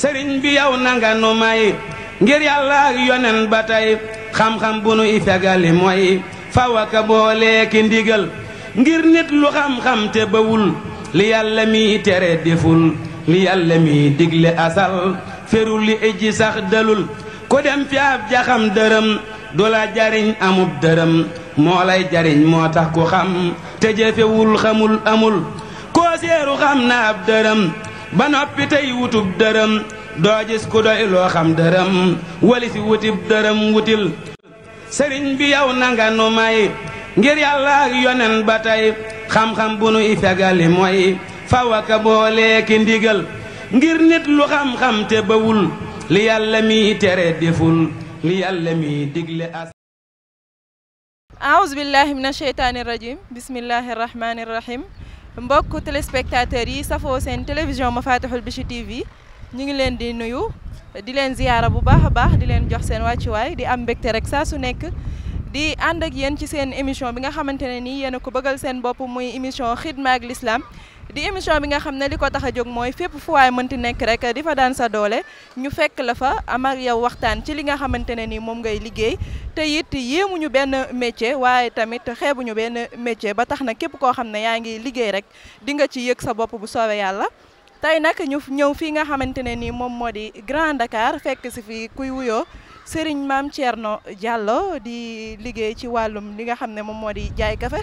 sëriñ bi yow nanga nu may ngir yàlla ak yonen ba tey xam-xam bu nu fegali mooy fawaka boole ki ndigal ngir nit lu xam-xam te bawul li yàlla mi tere deful li yàlla mi digle asal ferul li ijji sax dalul ku dem fi ab jaxam dërëm du la jariñ amub dërëm moo lay jariñ moo tax ku xam te xamul amul koo seeru xam na ab dërëm ba noppi tey wutub dërëm doo gis ku doy xam dërëm wali si dërëm wutil sëriñ bi yow nanga nu may ngir yàlla ak yonen ba tey xam-xam bu nu fegali mooy fawaka booleeki ndigal ngir nit lu xam-xam te bawul li yàlla mi tere deful li yàlla mi digle as aouzu billahi min asheytaani rajim bismillahi rahmaani rahim mbokk téléspectateurs yi safo seen télévision Mafatihul Bichri TV ñu ngi leen di nuyu di leen ziyaara bu baax a baax di leen jox seen wàccuwaay di am mbégte rek saa su nekk di ànd ak yéen ci seen émission bi nga xamante ne nii yéen a ko bëggal seen bopp muy émission xidma ak l'islam di émission bi nga xam ne li ko tax a jóg mooy fépp fu waay mënti nekk rek di fa daan sa doole ñu fekk la fa am ak yow waxtaan ci li nga xamante ne ni moom ngay liggéey te it yéemuñu benn métier waaye tamit xeebuñu benn métier ba tax na képp koo xam ne yaa ngi liggéey rek di nga ci yëg sa bopp bu soobee yàlla. tey nag ñu ñëw fii nga xamante ne ni moom moo di Grand Dakar fekk si fii kuy wuyoo Serigne Mame no Diallo di liggéey ci wàllum li nga xam ne moom moo di jaay kafe.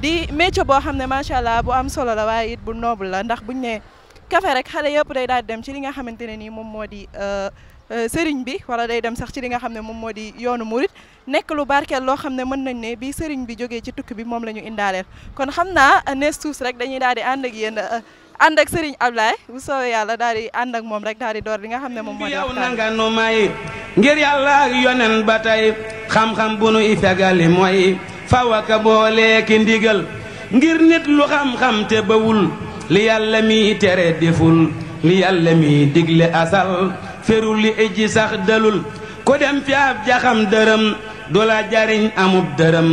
di métier boo xam ne macha allah bu am solo la waaye it bu noble la ndax buñ ne kafe rek xale yëpp day daal di dem ci li nga xamante ne nii moom moo di euh, euh, sëriñ bi wala day dem sax ci li nga xam ne moom moo di yoonu murit nekk lu barkeel loo xam ne mën nañ ne bi sëriñ bi jógee ci tukki bi moom la ñu indaaleel kon xam naa nees tuus rek dañuy daal di ànd ak yéen euh, ànd ak sëriñ Ablaye bu soobee yàlla daal di ànd ak moom rek daal di door li nga xam ne moom moo di yow nanga nu ngir yàlla ak yonen ba tey xam-xam bu nu ifegali fawaka boole ki ndigal ngir nit lu xam-xam te bawul li yàlla mi tere deful li yàlla mi digle asal ferul li ejji sax dalul ko dem fi ab jaxam dërëm du la jariñ amub dërëm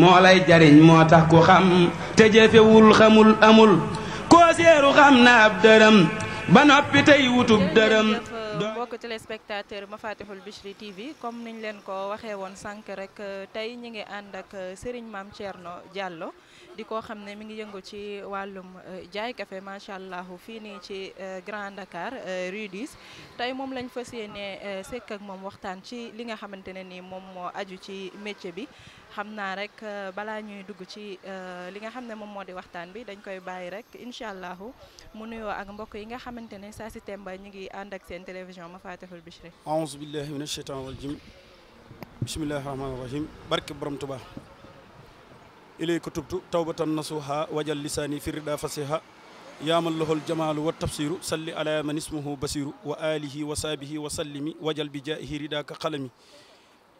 moo lay jariñ moo tax ku xam te jëfewul xamul amul koo seeru xam na ab dërëm ba noppi wutub dërëm Euh, mbokk téléspectateur Mafatihul Bichri TV comme niñ leen ko waxee woon sànq rek euh, tey ñu ngi ànd ak euh, Serigne Mame Thierno Diallo di ko xam ne mi ngi yëngu ci wàllum jaay kafe macha allah fii nii ci Grand Dakar rue 10 tey moom lañ fas yéenee sekk ak moom waxtaan ci li nga xamante ne ni moom moo aju ci métier bi xam naa rek balaa ñuy dugg ci li nga xam ne moom moo di waxtaan bi dañ koy bàyyi rek incha allahu mu nuyoo ak mbokk yi nga xamante ne saa si temba ñu ngi ànd ak seen télévision Mafatihul a aouzu billahi mina sheytaan rajim bismillahi rahmaani rahim barke borom Tuubaa ilayka tubtu tawbatan nasuha wajal lisaani fi rida fasiha yaamal lahul jamaalu wa tafsiru salli ala man ismuhu wa alihi wa sahbihi wa sallimi wajal bi jaahi ridaka xalami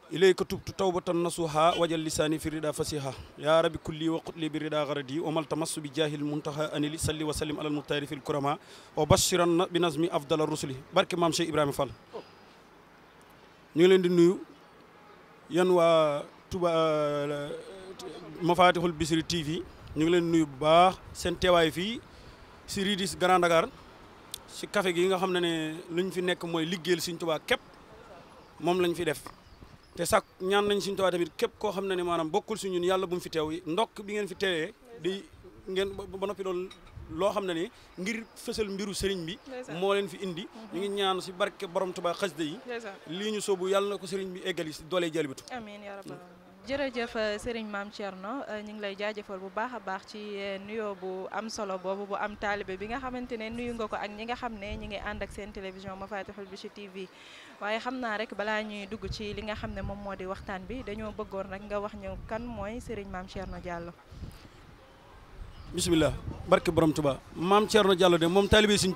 ilayka tubtu tawbatan nasuha wajal lisaani fi rida fasiha ya rabbi kulli wa qutli bi rida garadi wa mal tamassu bi jaahil muntaha anili salli wa sallim alal muxtaari fil kurama wa na bi nazmi afdala rusuli barke maam Cheikh Ibrahima Fall ñu ngi leen di nuyu yan waa Touba euh, Mafatihul Bichri TV ñu ngi leen nuyu bu baax seen teewaay fii si Ridis Grand Dakar si café gi nga xam ne ne lu fi nekk mooy liggéeyal Sëñ Tuubaa képp moom lañ fi def te sax ñaan nañ suñu Tuubaa tamit képp koo xam ne ne maanaam bokkul suñu yàlla bu mu fi teew ndokk bi ngeen fi teewee di ngeen ba noppi doon loo xam ne ni ngir fësal mbiru sëriñ bi moo leen fi indi mhm. ñu ngi ñaan si barke borom Tuubaa xasida yi lii ñu soobu yàlla na ko sëriñ bi eggali si doolee jalbitu amiin yaa rabbal jërëjëf euh, sëriñ maam Thierno euh, ñu ngi lay jaajëfal bu baax a baax ci euh, nuyoo bu am solo boobu bu am taalibe bi nga xamante ne nuyu nga ko ak ñi nga xam ne ñu ngi ànd ak seen télévision Mafatihul Bichri TV waaye xam naa rek balaa ñuy dugg ci li nga xam ne moom moo di waxtaan bi dañoo bëggoon rek nga wax ñu kan mooy Serigne Mame Thierno Diallo. bisimilah barke borom Touba Mame Thierno Diallo de moom taalibe Serigne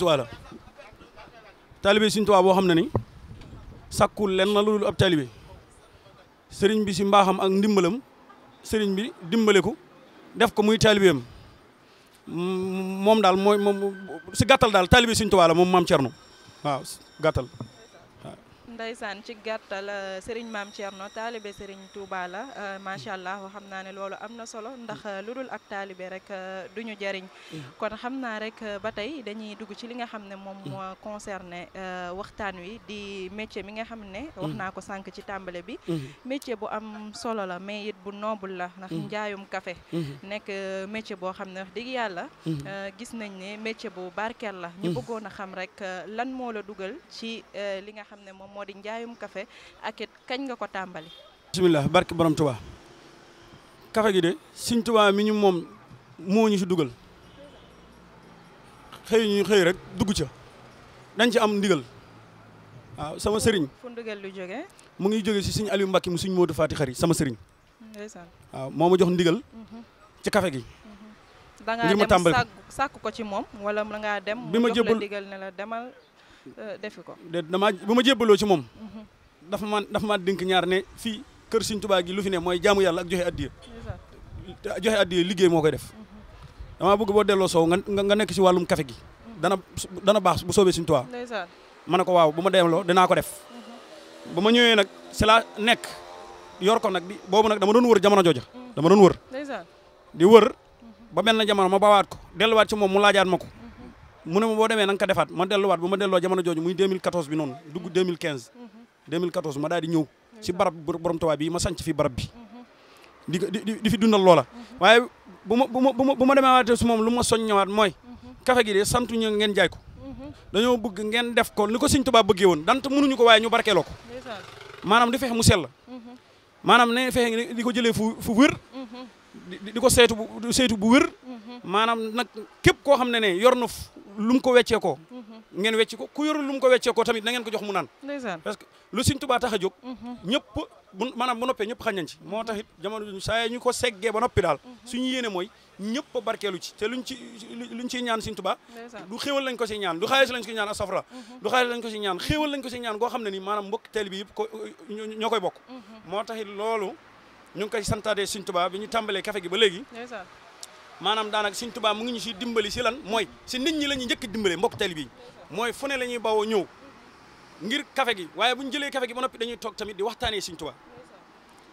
Touba la taalibe Serigne boo xam ne ni sàkkul lenn lu dul ab bi si mbaaxam ak ndimbalam sëriñ bi dimbale ko def ko muy taalibeem moom daal mooy moom si gàttal daal taalibe Serigne Touba la moom Mame Thierno waaw gàttal. ndeysaan ci gàttal euh, Serigne Maam Thierno taalibe Serigne Touba la euh, macha allah xam naa ne loolu am na solo ndax euh, lu dul ak taalibe rek du ñu jariñ mm. kon xam naa rek ba tey dañuy dugg ci li nga xam ne moom mm. moo concerné waxtaan wi di métier mi nga xam ne mm. wax naa ko sànq ci tàmbale bi métier bu am solo la mais it bu noble la ndax njaayum kafe nekk métier boo xam ne wax dëgg yàlla gis nañ ne métier bu barkeel la ñu bëggoon a xam rek lan moo la dugal ci li nga xam ne moom moo di njaayum café ak it kañ nga ko tàmbali. bisimilah barki borom Touba café gi de Sëñ Touba mi ñu moom moo ñu si dugal xëy ñu xëy rek dugg ca dañ ci am ndigal waaw sama sëriñ. fu ndigal lu jógee. mu ngi jógee si Sëñ Aliou mbakki mu Sëñ Modou Fati Xari sama sëriñ. ndeysaan waaw moo ma jox ndigal. ci café gi. ngir dem sàkku ko ci moom wala da dem. bi la ndigal ne la demal. Euh, defi ko damaa bu ma jébbaloo ci moom dafa ma dafa ma dénk ñaar ne fii kër Sëriñ Tuubaa gi lu fi ne mooy jaamu yàlla ak joxe addiya joxe liggéey moo koy def damaa bëgg boo delloo soow nga nga nekk ci wàllum café gi dana dana baax bu soobee Sëriñ Tuubaa ma ne ko waaw bu ma delloo dinaa ko def mm-hmm. ba ma ñëwee nag si laa nekk yor ko nag di boobu nag dama doon wër jamono jooja mm-hmm. dama doon wër di wër mm-hmm. ba benn jamono ma baawaat ko delluwaat ci moom mu laajaat ma ko mu ne ma boo demee na nga defaat ma delluwaat bu ma delloo jamono jooju muy 2014 bi noonu dugg 2015 2014 ma daal di ñëw ci barab borom Tuubaa bi ma sanc fi barab bi di di fi dundal loola waaye bu ma bu ma bu ma bu ma demee su moom lu ma soññawaat mooy café gi de ñu ngeen jaay ko dañoo bëgg ngeen def ko ni ko Sëñ Tuubaa bëggee woon dant mënuñu ko waaye ñu barkeeloo ko maanaam di fexe mu sell maanaam ne fexe di ko jëlee fu fu wër di ko saytu bu saytu bu wër maanaam nag képp koo xam ne ne yor na lu mu ko weccee ko mhm. ngeen wecc ko ku yorul lu ko weccee ko tamit na ngeen ko jox mu naan parce que lu Sëñ Tuubaa tax a jóg mhm. ñëpp maanaam bu noppee ñëpp xañ nañ ci moo tax it jamono saa ñu ko seggee ba noppi daal mhm. suñu yéene mooy ñëpp a barkeelu ci te luñ ci luñ ciy ñaan Sëñ Tuubaa du xéewal lañ ko si ñaan du xaalis lañ ko si ñaan asafra du xaalis si ñaan xéewal lañ ko si ñaan goo xam ne ni maanaam mbokk teel bi yëpp ko ñoo koy bokk moo tax it loolu ñu ngi koy santaatee Sëñ Tuubaa bi ñu tàmbalee café gi ba léegi maanaam daanaka Sëriñ Tuubaa mu ngi ñu si dimbali si lan mooy si nit ñi la ñuy njëkk dimbale mbokk taalibe yi mooy fu ne la ñuy ñëw ngir kafe gi waaye bu ñu jëlee kafe gi ba noppi dañuy toog tamit di waxtaanee Sëriñ Tuubaa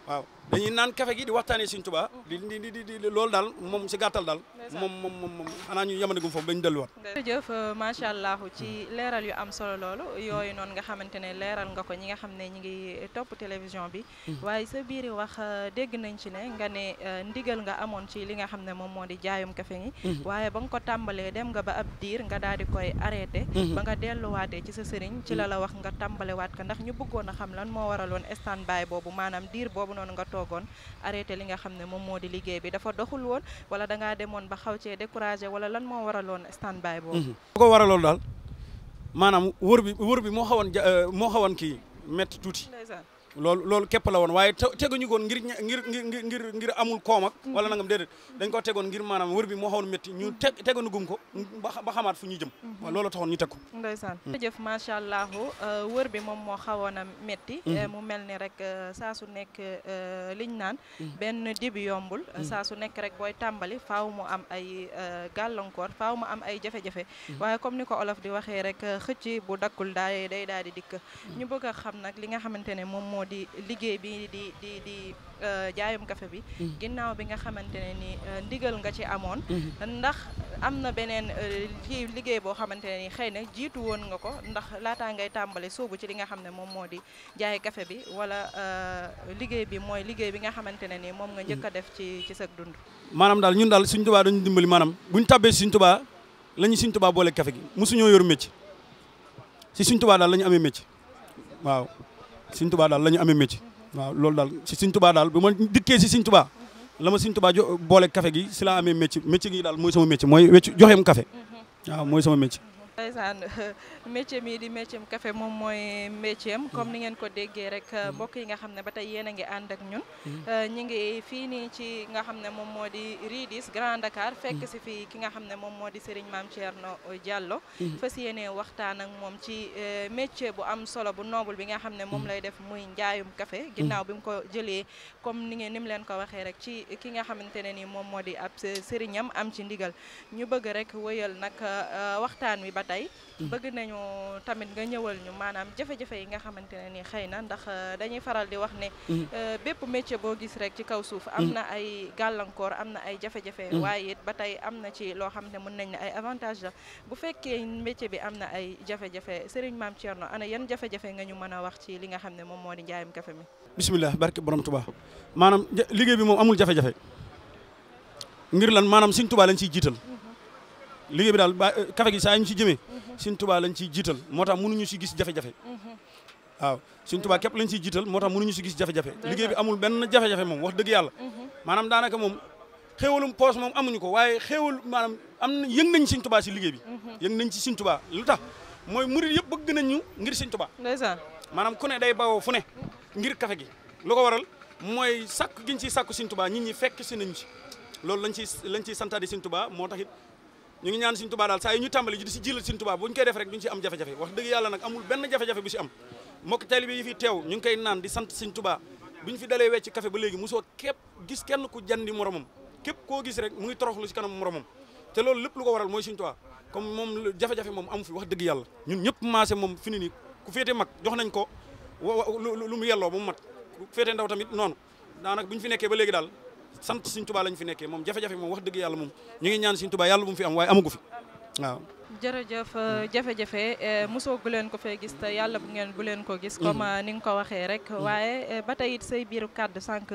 waaw dañuy naan kafe gi di waxtaanee Sëriñ Tuubaa di di di loolu daal moom si gàttal daal. moom moom moom moom xanaa ñu yamanagum foofu dañu delluwaat. jërëjëf euh, macha allah ci leeral yu am solo loolu yooyu noonu nga xamante ne leeral nga ko ñi nga xam ne ñi ngi euh, topp télévision bi. Mm-hmm. waaye sa biir wax euh, dégg nañ ci ne nga ne ndigal nga amoon ci li nga xam ne moom moo di jaayum kafe ngi mm-hmm. waaye ba nga ko tàmbalee dem nga ba ab diir nga daal di koy arrêté. Mm-hmm. ba nga delluwaatee ci sa sëriñ ci la la wax nga tàmbalewaat ko ndax ñu bëggoon a xam lan moo waraloon stand by boobu maanam diir boobu noonu nga toogoon arrêté li nga xam ne moom moo di liggéey bi dafa doxul woon wala da ngaa demoon ba xaw cee découragé wala lan moo waraloon stand by boobu. bu mhm. ko waraloon daal maanaam wër bi wër bi moo xawoon ja euh, moo xawoon kii métti tuuti. loolu loolu képp la woon waaye teguñu koon ngir ngir ngir ngir ngir amul koom ak mm-hmm. wala nangam déedéet dañ ko tegoon ngir maanaam wër bi moo xawoon métti ko ba xamaat fu ñuy jëm mm-hmm. waaw loolu taxoon ñu teg ko ndeysaan mm. jërëjëf macha allah euh, wër bi moom moo xawoon a métti mm-hmm. euh, mu mel ni rek euh, saa su nekk liñ naan benn dibi yombul saa su nekk rek booy tàmbali faaw mu am ay gàllankoor faaw mu am ay jafe-jafe waaye comme ni ko olof di waxee rek xëcc bu dakkul daay day daal di dikk ñu bëgg xam nag li nga xamante ne moom moo di liggéey bi di di di euh, jaayum kafe bi mm-hmm. ginnaaw bi nga xamante ne ni euh, ndigal nga ci amoon mm-hmm. ndax am na beneen euh, ci liggéey boo xamante ne ni xëy na jiitu woon nga ko ndax laataa ngay tàmbale soobu ci li nga xam ne moom moo di jaay café bi wala liggéey bi mooy liggéey bi nga xamante ne ni moom nga njëkk a mm-hmm. def ci ci sag dund maanaam daal ñun daal suñ tubaa dañu dimbali maanaam buñ tàbbee suñ tubaa la ñu suñ tubaa boole café gi mosuñoo yor métier si suñ tubaa daal la amee métier waaw Sëñ Tuubaa daal la amee métier waaw loolu daal si Sëñ Tuubaa daal bu ma dikkee si Sëñ Tuubaa la ma Sëñ Tuubaa boole café gi si laa amee métier métier gi daal mooy sama métier mooy wecc joxeem café mm-hmm. waaw mooy sama métier ndeysaan métier mii di métier café moom mooy métier comme ni ngeen ko déggee rek mm. mbokk yi nga xam ne ba tey yéen a ngi ànd ak ñun mm. euh, ñi ngi fii nii ci nga xam ne moom moo di Ridis Grand Dakar mm. fekk si fi ki nga xam ne moom moo di Serigne Mame Thierno Diallo fas yéene waxtaan ak moom ci euh, métier bu am solo bu noble bi nga xam ne moom lay def muy njaayum kafe ginnaaw bi mu ko jëlee comme ni ngeen ni mu leen ko waxee rek ci ki nga xamante ne nii moom moo di ab sëriñam am ci ndigal ñu bëgg rek wëyal nag euh, waxtaan wi tey mhm. bëgg nañu tamit nga ñëwal ñu maanaam jafe-jafe yi nga xamante ne ni xëy na ndax euh, dañuy faral di wax ne mhm. euh, bépp métier boo gis rek ci kaw suuf mhm. am na ay gàllankoor am na ay jafe-jafe waaye it ba tey am na ci loo xam ne mën nañ ne ay avantage la bu fekkee métier bi am na ay jafe-jafe sëriñ maam Thierno ana yan jafe-jafe nga ñu mën a wax ci li nga xam ne moom moo di njaayam kafe mi bisimilah barke borom Tuubaa maanaam liggéey bi moom amul jafe-jafe ngir lan maanaam Sëriñ Tuubaa ciy jiital liggéey bi daal ba euh, café gi saa ñu ci jëmee mhm. Sëñ lañ ciy jiital moo tax mënuñu ci gis jafe-jafe mhm. waaw Sëñ lañ ciy jiital moo tax mënuñu ci gis jafe-jafe liggéey bi amul benn jafe-jafe moom wax dëgg yàlla mhm. maanaam daanaka moom xéewalum poos moom amuñu ko waaye xéewal maanaam am na yëng nañ Sëñ Tuubaa ci liggéey bi yëng nañ ci Sëñ Tuubaa lu tax mooy murid yëpp bëgg nañ ñu ngir Sëñ Tuubaa maanaam ku ne day bawoo fu ne ngir kafe gi lu ko waral mooy sàkk giñ ciy sàkku Sëñ Tuubaa nit ñi fekk si nañ ci loolu lañ ciy lañ ciy santaade Sëñ Tuubaa moo tax it ñu ngi ñaan suñ tubaa daal saa yu ñu tàmbali ji di si jilal suñ tubaa bu ñu koy def rek duñu si am jafe-jafe wax dëgg yàlla nag amul benn jafe-jafe bu si am mbokk taalibe yi fi teew ñu ngi koy naan di sant suñ tubaa bi ñu fi dalee wecc café ba léegi mosoo képp gis kenn ku jandi moromam képp koo gis rek mu ngi toroxlu si kanam moromam te loolu lépp lu ko waral mooy suñ tubaa comme moom jafe-jafe moom amu fi wax dëgg yàlla ñu ñëpp maase moom fi ni ku féete mag jox nañ ko lu mu yelloo ba mu mat ku féete ndaw tamit noonu daanaka bu ñu fi nekkee ba léegi daal sant Sëriñ Tuubaa lañ fi nekkee moom jafe-jafe moom wax dëgg yàlla moom ñu ngi ñaan Sëriñ Tuubaa yàlla bu mu fi am waaye amagu fi waaw jërëjëf euh, mm. jafe-jafe euh, mosoo bu leen ko fee gis te yàlla bu ngeen bu leen ko gis. Mm. comme euh, ni nga ko waxee rek. Mm. waaye ba tey it say biiru kàddu sànq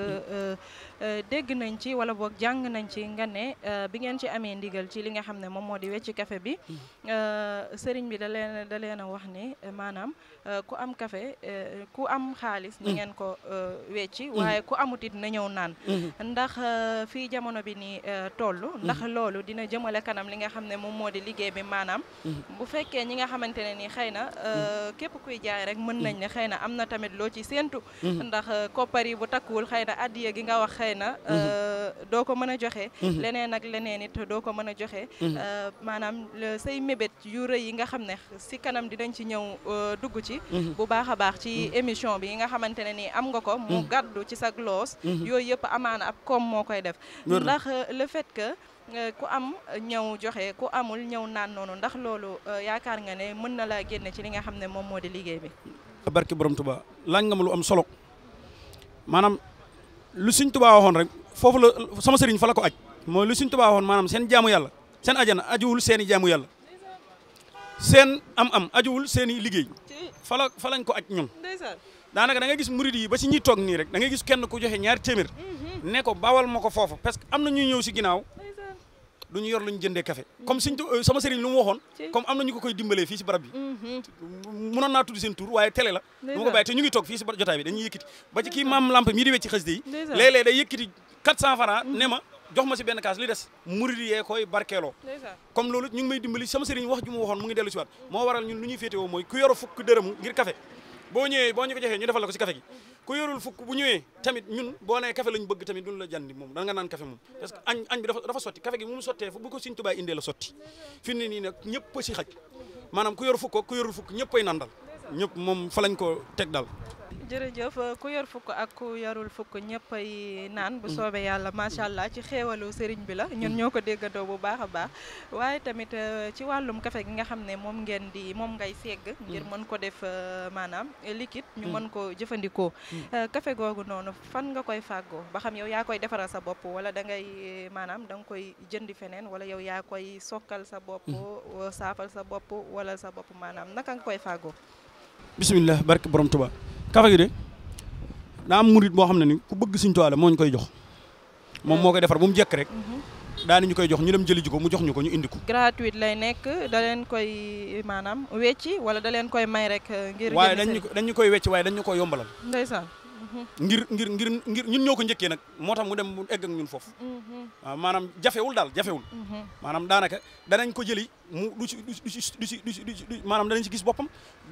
dégg nañ ci wala boog jàng nañ ci nga ne bi ngeen ci amee ndigal ci li nga xam ne moom moo di wecci kafe bi sëriñ bi da leen da leen a wax ni maanaam ku am café ku am xaalis. ni ngeen ko wecci waaye ku amut it na ñëw naan. ndax fii jamono bi ni toll. ndax loolu dina jëmale kanam li nga xam ne moom moo di liggéey bi maanaam mhm. bu fekkee ñi nga xamante ne nii xëy na mhm. euh, képp kuy jaay rek mën mhm. nañ ne xëy na am na tamit loo ci séentu ndax euh, koppar yi bu takkuwul xëy na addiya gi nga wax xëy na euh, doo ko mën a joxe leneen ak leneen it doo ko mën a joxe maanaam say mébét yu rëy yi nga xam ne si kanam dinañ ci ñëw dugg ci bu baax a baax ci émission bi yi nga xamante ne nii am nga ko mu gàddu ci sa gloos yooyu yëpp amaana ab koom moo koy def ndax le fait que ku am ñëw joxe ku amul ñëw naan noonu ndax loolu euh, yakaar nga ne mën na laa génne ci li nga xam ne moom moo di liggéey bi. barki borom Touba laaj nga ma lu am solo maanaam lu Sëñ Touba waxoon rek foofu la sama sëriñ fa la ko aj mooy lu Sëñ Touba waxoon maanaam seen jaamu yàlla seen ajana ajuwul seeni i jaamu yàlla seen am-am ajuwul seen i liggéey fa la fa lañ ko aj ñoom. daanaka da ngay gis murid yi ba si ñuy toog nii rek da ngay gis kenn ku joxe ñaari téeméer mhm. ne bawal ma ko foofa parce que am na ñuy ñëw si ginnaaw. du ñu yor lu ñu jëndee café comme suñ sama sëriñ lu mu waxoon comme am na ñu ko koy dimbalee fii barab bi mënoon mm-hmm. naa tudd seen tur waaye télé la du ma ko bàyyi te ñu ngi toog fii si jotaay bi dañuy yëkkati ba ci maam lamp mii di wecc xasida yi léeg-léeg day yëkkati 400 francs mm-hmm. ne ma jox ma si benn kaas li des murid yee koy barkeeloo comme loolu ñu ngi may dimbali sama sëriñ wax ju mu waxoon mu ngi dellu si waat moo waral ñun lu ñuy féetewoo mooy ku boo ñëwee boo ñu ko joxee ñu defal la ko ci café gi ku yorul fukk bu ñëwee tamit ñun boo nee café lañ bëgg tamit duñ la jandi moom da nga naan café moom parce que añ añ bi dafa sotti café gi mu sottee bu ko Sëñ Tuubaa indee la sotti fi ni nii nag ñëpp si xaj maanaam ku yor fukk ku yorul fukk ñëpp ay nandal ñëpp moom fa lañ ko teg dal jërëjëf ku yor fukk ak ku yarul fukk ñëpp ay naan bu soobee yàlla macha allah ci xéewalu sëriñ bi la ñun ñoo ko déggandoo bu baax a baax waaye tamit euh, ci wàllum kafe gi nga xam ne moom ngeen di moom ngay segg ngir mm. mën ko def euh, maanaam liquide ñu mm. mën ko jëfandikoo mm. euh, kafe googu noonu fan nga koy fàggoo ba xam yow yaa koy defaral sa bopp wala da ngay maanaam da nga koy jëndi feneen wala yow yaa koy sokkal sa bopp saafal sa bopp wala sa bopp maanaam naka nga koy fàggoo bismillah barke borom kafe gi de daa am murit boo xam ne ni ku bëgg Sëñ Tuubaa la moo ñu koy jox moom moo koy defar ba mu jekk rek mhm. daani ñu koy jox ñu dem jëli ko mu jox ñu ko ñu indi ko. gratuite lay nekk da leen koy maanaam wecci wala da leen koy may rek. Eh, ngir waaye dañ ñu koy wecci waaye dañ ñu koy yombalal. ndeysaan. ngir ngir ngir ngir ñun ñoo ko njëkkee nag moo tax mu dem mu egg ak ñun foofu waaw mm-hmm. ah, maanaam jafewul daal jafewul mm-hmm. maanaam daanaka danañ ko jëli mu du ci du si du ci du ci maanaam danañ ci gis boppam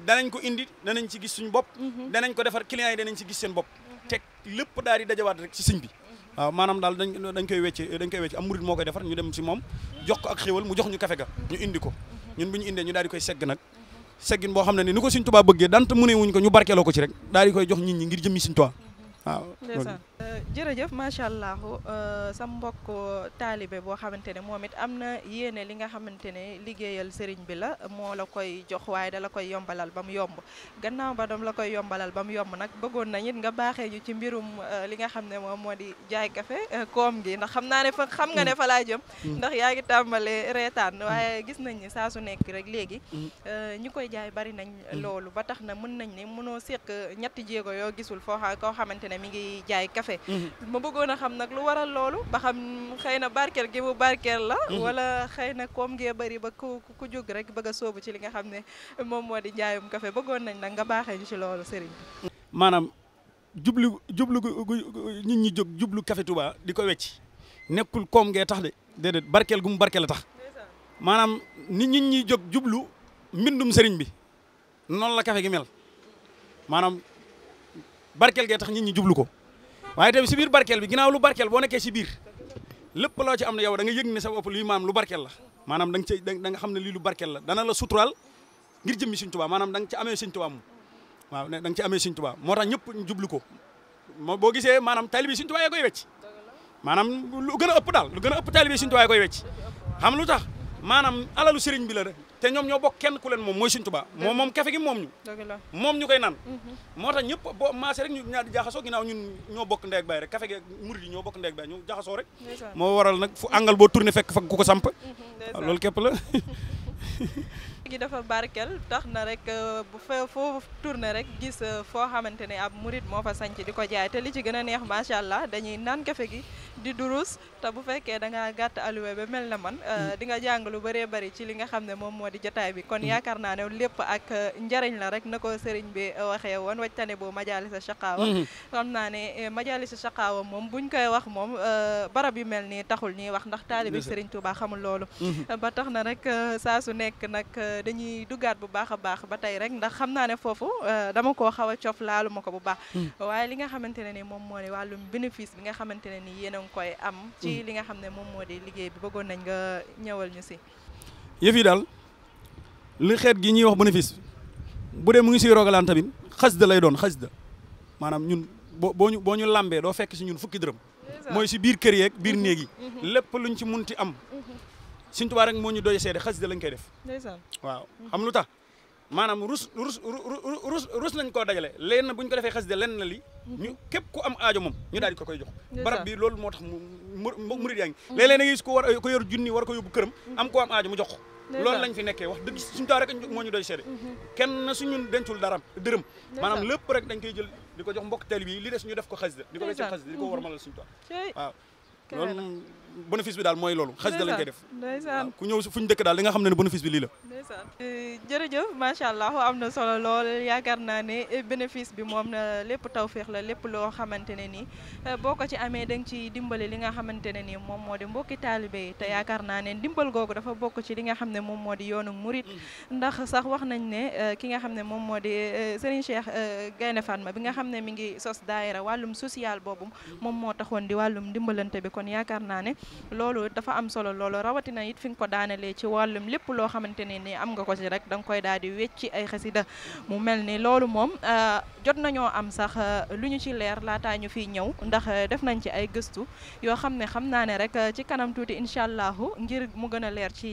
danañ ko indi danañ ci gis suñu bopp mm-hmm. danañ ko defar client yi danañ ci gis seen bopp teg lépp daal di dajawaat rek ci sëñ bi waaw ah, maanaam daal dañ dañ koy wecce dañ koy wecce am murit moo koy defar ñu dem ci moom jox ko ak xéwal mu jox ñu kafe ga ñu indi ko ñun bu ñu indee ñu daal di koy segg nag seggin boo xam ne ni ni ko Sëñ Tuubaa bëggee dant mu ne wuñ ko ñu barkeeloo ko ci rek daal di koy jox nit ñi ngir jëmmi Sëñ Tuubaa waaw Euh, jërëjëf macha allah euh, sam mbokk taalibe boo xamante ne moom it am na yéene li nga xamante ne liggéeyal sëriñ bi la moo la koy jox waaye dala koy yombalal ba mu yomb gannaaw ba doom la koy yombalal ba mu yomb nag bëggoon nañ it nga baaxee ñu ci mbirum euh, li nga xam ne moom moo di jaay kafe koom gi ndax xam naa ne fa xam nga ne fa laa jëm. Mm. ndax yaa ngi tàmbalee reetaan mm. waaye gis nañ ni saa su nekk rek léegi. Mm. ñu koy jaay bari nañ loolu ba tax na mën nañ ni mënoo séq ñetti jéego yoo gisul foo xamante ne mi ngi jaay kafe jafe mhm. ma bëggoon a xam nag lu waral loolu ba xam xëy na barkeel gi mu barkeel la mhm. wala xëy na koom gee bari ba ku ku jóg rek bëgg soobu ci li nga xam ne moom moo di njaayum café bëggoon nañ nag nga baaxee ñu ci loolu sëriñ bi maanaam jublu jublu nit ñi jóg jublu café Touba di ko wecc nekkul koom ngee tax de déedéet barkeel gu mu barkeel tax maanaam nit ñi ñuy jóg jublu mbindum sëriñ bi noonu la café gi mel maanaam barkel ge tax nit ñi jublu ko waaye te si biir barkeel bi ginnaaw lu barkeel boo nekkee si biir lépp loo ci am ne yow da nga yëg ne sa bopp lii maam lu barkeel la maanaam da nga cay da nga ne lii lu barkeel la dana la suturaal ngir jëmmi Sëñ Tuubaa maanaam da nga ci amee Sëñ Tuubaa moom waaw da nga ci amee Sëñ Tuubaa moo tax ñëpp jublu ko moo boo gisee maanaam taalibi Sëñ Tuubaa yee koy wecc maanaam lu gën a ëpp daal lu gën a ëpp taalibi Sëñ Tuubaa ko koy wecc xam lu tax maanaam alalu sëriñ bi la rek te ñoom ñoo bokk kenn ku leen moom mooy Sëñ Tuubaa moom moom kafe gi moom ñu moom ñu koy naan mhm. moo tax ñëpp boo maasee rek ñu ñaar di jaxasoo ñun ñoo bokk ndeeg baay rek kafe gi murid ñoo bokk ndeeg baay ñu jaxasoo rek moo waral nag fu àngal boo tourné fekk fa ku ko samp mhm. loolu képp la gi dafa barkel tax na rek euh, bu fa rek gis euh, foo xamante ne ab murit moo fa sanc di ko jaay te li ci gën a neex macha allah dañuy naan kafe gi di durus te bu fekkee da ngaa gàtt alluwa ba mel na man euh, mm. di nga jàng lu bëree bëri ci li nga xam ne moom moo di jotaay bi kon mm. yaakaar naa ne lépp ak njariñ la rek na ko sëriñ bi waxee woon wajtane boo majalisa shaqaawa mm-hmm. xam naa ne majalisa shaqaawa moom buñ koy wax moom barab yu mel nii taxul ñuy wax ndax taalibi sëriñ Tuubaa xamul loolu mm-hmm. ba tax na dañuy duggaat bu baax a baax ba tey rek ndax xam naa ne foofu euh, dama ko xaw a cof laalu ma ko bu baax hmm. waaye li nga xamante ne ni moom moo di wàllum bénéfice bi nga xamante ne ni yéen a ngi koy am ci hmm. li nga xam ne moom moo de liggéey bi bëggoon nañ nga ñëwal ñu si yëf yi daal li xeet gi ñuy wax bénéfice bu dee mu ngi siy rogalaan tamit xasida lay doon xasida maanaam ñun boo boo ñu boo ñu lambee doo fekk si ñun fukki dërëm mooy si biir kër yeeg biir mm-hmm. néeg yi mm-hmm. lépp luñ ci munti am Sëñ Tuubaa rek moo ñu doy seede xasida lañ koy def. ndeysaan mm-hmm. lu tax maanaam rus rus rus rus nañ koo dajale leen na bu ñu ko defee xasida lenn na li mm-hmm. ñu képp ku am aajo moom ñu daal di ko jox. barab bi loolu moo tax mu mu murid yaa ngi. Mm-hmm. léeg-léeg da ngay gis ku war ko yor junni war ko ko am aajo mu ko. loolu lañ fi nekkee wax dëgg suñu taal moo ñu doy seede kenn suñu dencul daram dërëm maanaam lépp rek dañ koy jël di ko jox mbokk tali bi li des ñu def ko xasida di ko la jox xasida loolu bénéfice bi daal mooy loolu xasida lañ koy def dëkk daal li nga xam ne ne bénéfice bi lii la ndeysaan eh, jërëjëf macha allah am na solo lool yaakaar naa ne eh, bénéfice bi moom na eh, lépp tawféex la lépp loo xamante ne nii boo ko ci amee da nga ci dimbali li nga xamante ne nii moom moo di mbokki taalibe yi te yaakaar naa ne dimbal googu dafa bokk ci li nga xam ne moom moo di yoonu murit mm-hmm. ndax sax wax nañ ne ki nga xam ne moom moo di Serigne Cheikh Gaynde Fatma bi nga xam ne mi ngi sos daayira wàllum social boobu mm-hmm. moom moo taxoon di wàllum dimbalante bi kon yaakaar naa ne loolu dafa am solo loolu rawatina it fi nga ko daanalee ci wàllum lépp loo xamante ne ni am nga ko si rek da koy daal di ci ay xasida mu mel ni loolu moom euh, jot nañoo am sax euh, lu ñu ci leer laataa ñu fi ñëw ndax euh, def nañ ci ay gëstu yoo xam ne xam naa ne rek ci kanam tuuti incha allahu ngir mu gën a leer ci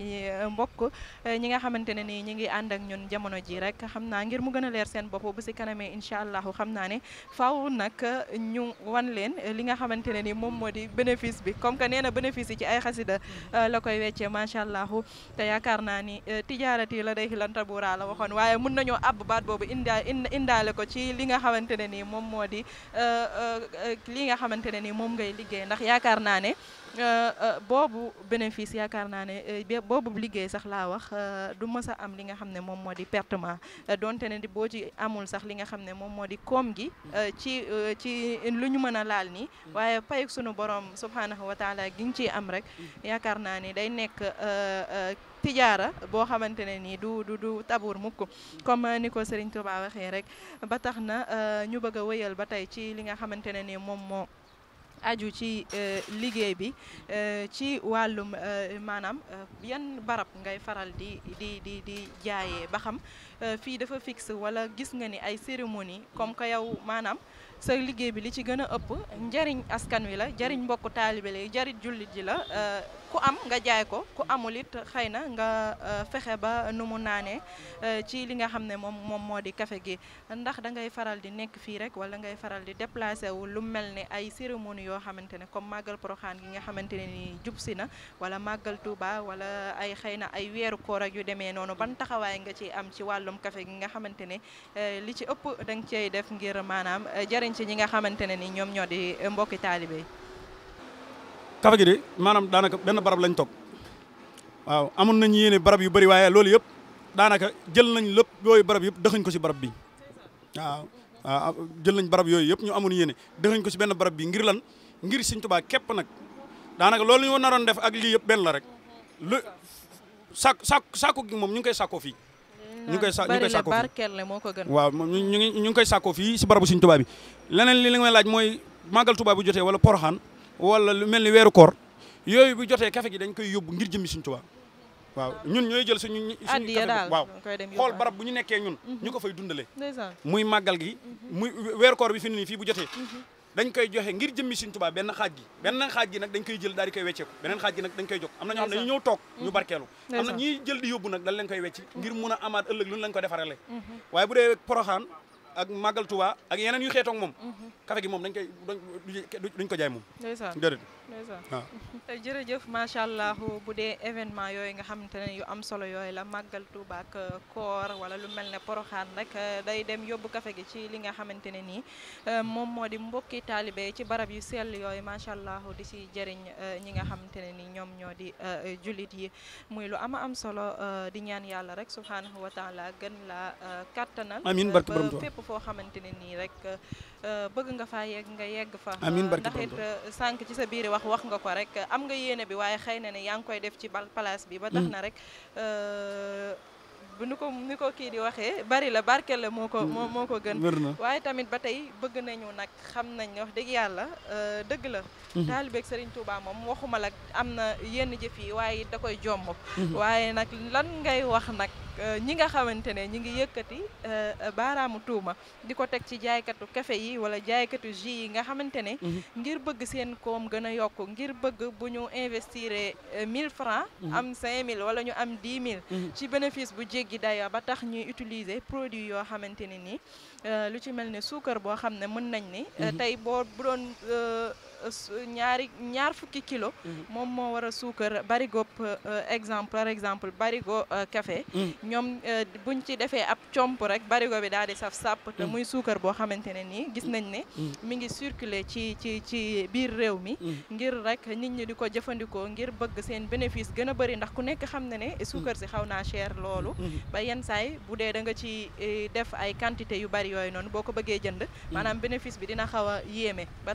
mbokk ñi nga xamante ne ni ñi ngi ànd ak ñun jamono ji rek xam naa ngir mu gën a leer seen bopp bu si kanamee incha allahu xam naa ne faaw nag ñu wan leen li nga xamante ne ni moom moo di bénéfice bi comme bénéfice yi ci ay xasida mm-hmm. euh, la koy weccee macha allahu te yaakaar naa ni euh, tijaarati la day xilanta buuraa la waxoon waaye mun nañoo àbb baat boobu indaa indaale ko ci li nga xamante ne nii moom moo di euh, li nga xamante ne nii moom ngay liggéey ndax yaakaar naa ne Euh, euh, boobu bénéfice yaakaar naa ne euh, boobu liggéey sax laa wax du mës a am li nga xam ne moom moo di pertement donte ne boo ci amul sax li nga xam ne moom moo di koom gi ci ci lu ñu mën a laal ni mm. waaye payuk sunu borom subhaanahu wa taala gi ñu ciy am rek mm. yaakaar naa ni day nekk tijaara boo xamante ne nii du du du tabuur mukk mm. comme ni ko Serigne Touba waxee rek ba tax na ñu bëgg a wéyal ba tey ci li nga xamante ne nii moom moo aju ci euh, liggéey bi euh, ci wàllum euh, maanaam yan barab ngay faral di di di di jaayee ba xam fii dafa fixe wala gis nga ni ay cérémonie comme que yow maanaam sa liggéey bi li ci gën a ëpp njariñ askan wi la jariñ mbokku taalibe la jariñ jullit ji la ku am nga jaay ko ku amul it xëy na nga euh, fexe ba nu mu naanee euh, ci li nga xam ne moom moom moo di café gi ndax da ngay faral di nekk fii rek wala ngay faral di déplacé wu lu mel ne ay cérémonie yoo xamante ne comme màggal Porokhane gi nga xamante ne ni jub si na wala màggal Touba wala ay xëy na ay weeru koor yu demee noonu ban taxawaay nga ci am ci wàllum kafe gi nga xamante ne euh, li ci ëpp da nga cey def ngir maanaam jëriñ ci ñi nga xamante ne ni ñoom ñoo di mbokki taalibe yi kafe gi de maanaam daanaka benn barab lañ toog waaw amoon nañ yéene barab yu bëri waaye loolu yëpp daanaka jël nañ lépp yooyu barab yëpp dëxañ ko si barab bi jël nañ barab yooyu yëpp ñu amoon yéene dëxañ ko si benn barab bi ngir lan ngir Sëñ Tuubaa képp nag daanaka loolu ñu naroon def ak lii yëpp benn la rek lu sak sak gi moom ñu ngi koy sàkkoo fi ñu ngi koy sa ñu ngi koy sàkkoo fii waaw ñu ngi ñu ngi koy sàkkoo fii si barabu Sëñ Tuubaa bi leneen li li may laaj mooy màggal Tuubaa bu jotee wala Poroxaan wala lu mel ni weeru koor yooyu bu jotee café gi dañ koy yóbbu ngir jëmmi Sëriñ Tuubaa waaw ñun ñooy jël suñu suñu café waaw xool barab bu ñu nekkee ñun mhm. ñu ko fay dundale muy màggal gi mhm. muy weeru koor bi fi nii fii bu jotee mhm. dañ koy joxe ngir jëmmi Sëriñ Tuubaa benn xaaj gi benn xaaj gi nag dañ koy jël daal di koy wecceeku beneen xaaj gi nag dañ koy jox am na ñoo xam ne dañu ñëw toog ñu barkeelu am na ñiy jël di yóbbu nag dañ leen koy wecci ngir mun a amaat ëllëg lu ñu lañ ko defarale waaye bu dee Poroxaan ak màggal Tuuba ak yeneen yu xeetoog moom. Mhm. café gi moom dañ koy duñ ko jaay moom. déedéet waaw ah. jërëjëf macha allah bu dee événement yooyu nga xamante ne yu am solo yooyu la màggal Tuuba euh, koor wala lu mel ne poroxaan rek euh, day dem yóbbu kafe gi ci li nga xamante ne nii euh, moom moo di mbokki taalibe ci barab yu sell yooyu macha allah di si jëriñ ñi nga xamante ne nii ñoom ñoo di jullit yi muy lu ama am solo di ñaan yàlla rek subhaanahu wa gën la kattanal amiin barke borom fépp foo xamante ne nii rek bëgg nga fa yegg nga yegg fa amiin barke ci sa biir wax wax nga ko rek am nga yéene bi waaye xëy na ne yaa ngi koy def ci bal place bi ba tax mm. na rek euh, bu nu ko ni ko kii di waxee bari la barkeel la moo ko moo moo ko gën waaye tamit ba tey bëgg nañu nag xam nañ ne dëgg yàlla euh, dëgg la mm-hmm. taalibeeg sëriñ Touba moom waxuma la am na yenn jëf yi waaye da koy jomb mm-hmm. waaye nag lan ngay wax nag Euh, ñi nga xamante ne ñi ngi yëkkati euh, euh, baaraamu tuuma di ko teg ci jaaykatu café yi wala jaaykatu ji yi nga xamante ne mhm. ngir bëgg seen koom gën a yokk ngir bëgg bu ñu investire mille francs mhm. am 5000 wala ñu am 10 000 mhm. ci bénéfice bu jéggi daya ba tax ñuy utiliser produit yoo xamante ne nii lu ci mel ne suukar boo xam ne mën nañ ni tey boo bu doon ñaari ñaar fukki kilo mhm. moom moo war a suukar barigo euh, exemple par exemple barigo kafe euh, mhm. ñoom euh, buñ ci defee ab comp rek barigo bi daal di saf sàpp te mhm. muy suukar boo xamante ne nii gis nañ ne mu ngi circuler ci ci ci biir réew mi ngir rek nit ñi di ko jëfandikoo ngir bëgg seen bénéfice gën a bëri ndax ku nekk xam na ne suukar si xaw naa cher loolu ba yenn saay bu dee da nga ci eh, def ay quantité yu bari yooyu noonu boo ko bëggee jënd maanaam bénéfice bi dina xaw a yéeme ba